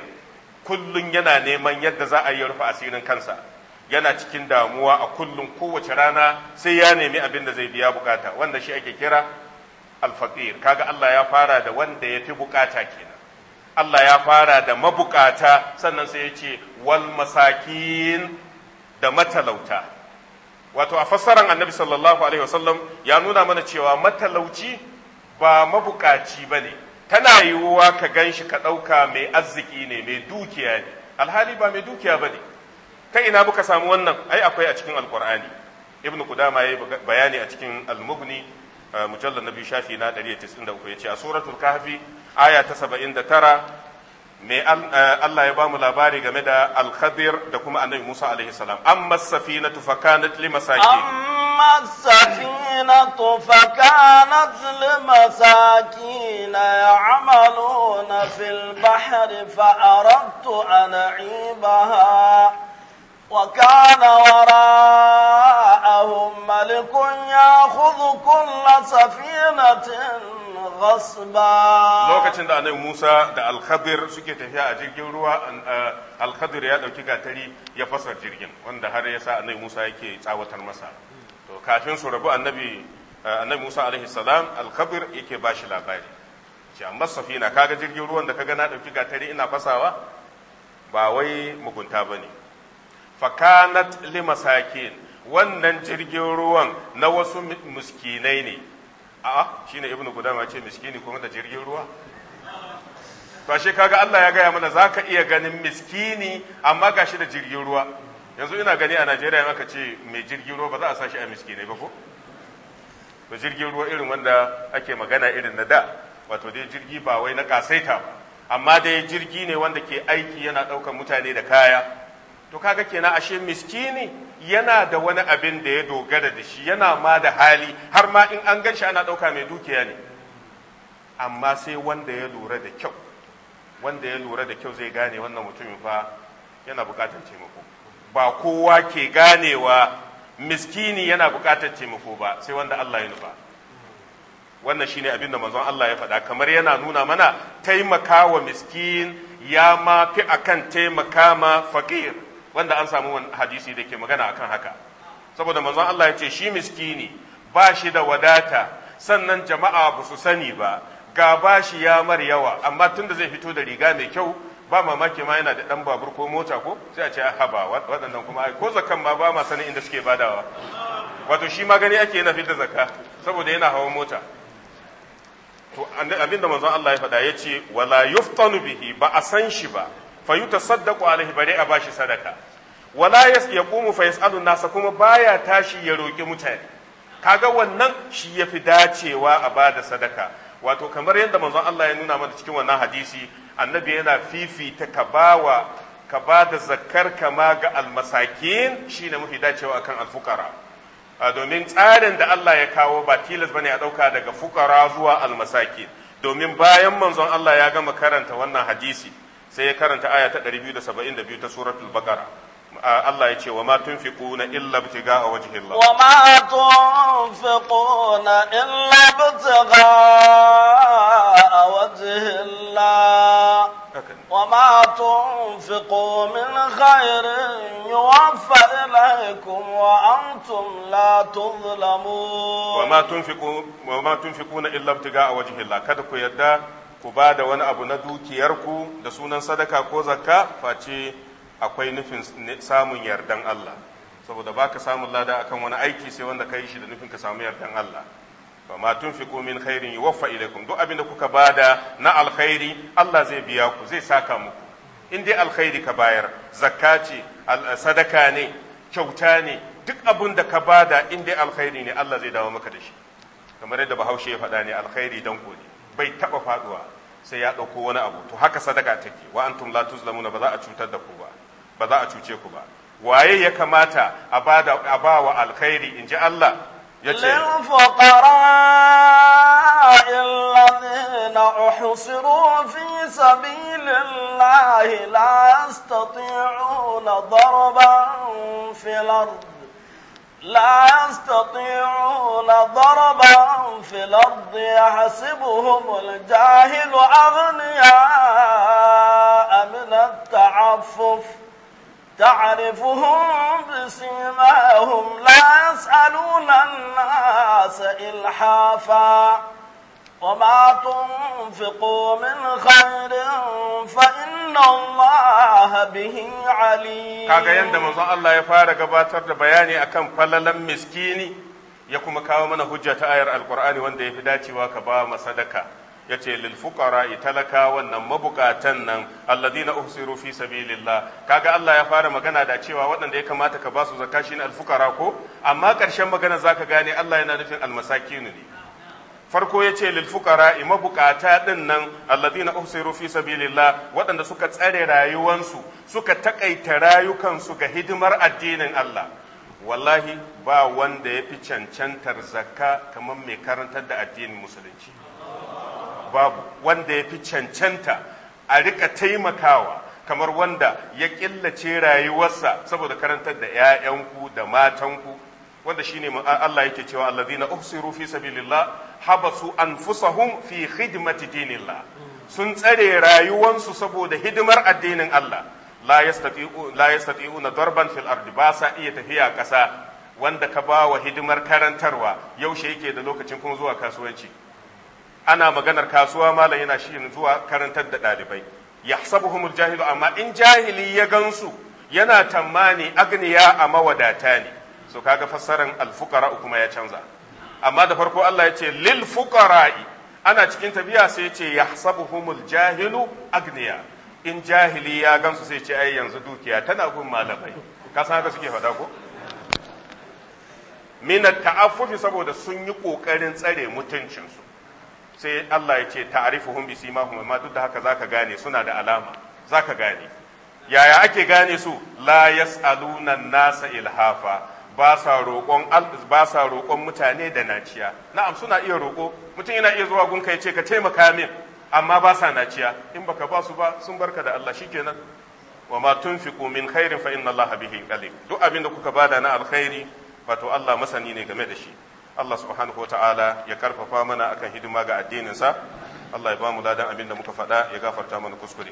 Speaker 2: kullun yana neman yadda za a yi rufe asirin kansa yana cikin damuwa a kullum kowace rana sai ya nemi abin da zai biya bukata wanda shi ake kira alfaqir kaga Allah ya fara da wanda ya fi bukata kenan Allah ya fara da mabukata sannan sai ya ce wal masakin da matalauta wato a fassaran annabi sallallahu alaihi wasallam ya nuna mana cewa matalauci ba mabukaci bane tana yiwuwa ka ganshi ka ɗauka mai arziki ne mai dukiya ne alhali ba mai dukiya bane ta ina buka samu wannan ai akwai a cikin alkur'ani ibnu qudama yayi bayani a cikin al-mughni uh, mujallal nabi shafi na 193 yace a suratul kahfi aya ta 79 me uh, Allah ya bamu labari game da al-khadir da kuma annabi Musa alaihi salam amma safinatu fakanat limasakin
Speaker 1: amma safinatu fakanat limasakin ya'maluna fil bahri fa aradtu an a'ibaha وكان وراءهم ملك ياخذ كل سفينة غصبا لوكacin
Speaker 2: da annabi Musa da al suke tafiya a jirgin ruwa Al-Khadir ya dauki gatari ya fasar jirgin wanda har ya sa annabi Musa yake tsawatar masa to kafin su rabu annabi annabi Musa alaihi salam Al-Khadir yake bashi labari ce amma safina kaga jirgin ruwan da kaga na ɗauki gatari ina fasawa ba wai mugunta bane fakanat limasakin wannan jirgin ruwan na wasu miskinai ne a ne Ibn gudama ce miskini kuma da jirgin ruwa to ashe kaga Allah ya gaya mana za ka iya ganin miskini amma gashi da jirgin ruwa yanzu ina gani a Najeriya maka ce mai jirgin ruwa ba za a sa shi a miskinai ba ko to jirgin ruwa irin wanda ake magana irin na da wato dai jirgi ba wai na kasaita amma dai jirgi ne wanda ke aiki yana ɗaukar mutane da kaya to kaga kenan ashe miskini yana da wani abin da ya dogara da shi yana ma da hali har ma in an gan ana ɗauka mai dukiya ne amma sai wanda ya lura da kyau wanda ya lura da kyau zai gane wannan mutumin fa yana buƙatar taimako ba kowa ke ganewa miskini yana buƙatar taimako ba sai wanda Allah ya nufa wannan shine abin da manzon Allah ya faɗa kamar yana nuna mana taimakawa miskin ya ma fi akan taimaka ma fakir wanda an samu hadisi da ke magana akan haka saboda manzon Allah ya ce shi miskini ba shi da wadata sannan jama'a ba su sani ba ga ba shi ya mar yawa amma tunda zai fito da riga mai kyau ba mamaki ma yana da dan babur ko mota ko sai a ce ah, haba waɗannan kuma ko zakan ma ba ma sanin inda suke badawa wato shi ma gani ake yana fitar zakka saboda yana hawan mota to abinda manzon Allah ya faɗa ya ce wala yuftanu bihi ba a san shi ba fa yutasaddaqu alaihi bare a bashi sadaka wala yaqumu fa yasalu nasa kuma baya tashi ya roki mutane kaga wannan shi yafi dacewa a bada sadaka wato kamar yadda manzon Allah ya nuna mana cikin wannan hadisi annabi yana fifita ka bawa ka ba da zakkar kama ga almasakin shine mafi dacewa akan alfukara domin tsarin da Allah ya kawo ba tilas bane a ɗauka daga fukara zuwa almasakin domin bayan manzon Allah ya gama karanta wannan hadisi sai ya karanta aya ta 272 ta suratul baqara Allah ya ce wa ma tunfiquna illa ibtiga wajhillah wa
Speaker 1: ma tunfiquna illa ibtiga wajhillah wa ma tunfiqu min khairin yuwaffa ilaykum wa antum la tuzlamun wa ma
Speaker 2: tunfiqu wa ma tunfiquna illa ibtiga wajhillah kada ku yadda ku ba da wani abu na dukiyarku da sunan sadaka ko zakka face akwai nufin samun yardan Allah saboda baka samun lada akan wani aiki sai wanda ka yi shi da nufin ka samu yardan Allah fa ma tunfiqu min khairin yuwaffa ilaykum duk abin da kuka bada na alkhairi Allah zai biya ku zai saka muku in dai alkhairi ka bayar zakka ce sadaka ne kyauta ne duk abin da ka bada in dai alkhairi ne Allah zai dawo maka da shi kamar yadda Bahaushe ya faɗa ne alkhairi dan ku bai taba faduwa sai ya dauko wani abu to haka sadaka take wa antum la tuzlamuna ba za a cutar da ku ba ba za a cuce ku ba waye ya kamata a bada a bawa alkhairi inji Allah yace lil
Speaker 1: fuqara alladhina uhsiru fi sabilillahi la yastati'una darban fil ardh لا يستطيعون ضربا في الأرض يحسبهم الجاهل أغنياء من التعفف تعرفهم بسيماهم لا يسألون الناس إلحافا وما تنفقوا من خير فإن الله به عليم kaga yanda
Speaker 2: manzon Allah ya fara gabatar da bayani akan falalan miskini ya kuma kawo mana hujja ta وكبا alqur'ani wanda fi dacewa ka ma yace lil fuqara wannan mabukatan nan alladina uhsiru fi sabilillah kaga Allah ya fara magana da cewa waɗanda ya kamata ka ba su zakka al fuqara ko amma ƙarshen magana zaka gane Allah yana nufin al masakinu ne farko ya ce lil fuqara mabukata din nan alladina usiru fi sabilillah waɗanda suka tsare rayuwansu suka takaita rayukansu ga hidimar addinin Allah wallahi ba wanda ya fi cancantar zakka kamar mai karantar da addinin musulunci babu wanda ya fi cancanta a rika taimakawa kamar wanda ya killace rayuwarsa saboda karantar da 'ya'yanku da matanku wanda shine Allah yake cewa allazina uksiru fi sabilillah habasu anfusahum fi khidmati dinillah sun tsare rayuwansu saboda hidimar addinin Allah la yastati'u la yastati'una darban fil ardi ba sa iya tafiya kasa wanda ka ba wa hidimar karantarwa yaushe yake da lokacin kuma zuwa kasuwanci ana maganar kasuwa malam yana shi zuwa karantar da ɗalibai yahsabuhumul jahilu amma in jahili ya gansu yana tammani agniya a mawadata ne so kaga fassarar alfukara kuma ya canza amma da farko Allah ya ce lil fuqara'i ana cikin tafiya sai ya ce yahsabuhumul jahilu agniya in jahili ya gansu sai ce ai yanzu dukiya tana gun malamai ka san haka suke faɗa ko min ta'affufi saboda sun yi kokarin tsare mutuncinsu sai Allah ya ce ta'rifuhum bi simahum amma duk da haka zaka gane suna da alama zaka gane yaya ake gane su la yas'aluna nasa ilhafa ba sa roƙon mutane da naciya na'am suna iya roƙo mutum yana iya zuwa gunka ya ce ka taimaka min amma ba sa naciya in baka ba su ba sun barka da Allah shikenan wa ma tunfiqu min khairin fa inna Allah bihi alim duk abin da kuka bada na alkhairi wato Allah masani ne game da shi Allah subhanahu wataala ya karfafa mana akan hidima ga addinin sa Allah ya ba mu ladan abin da muka faɗa ya gafarta mana kuskure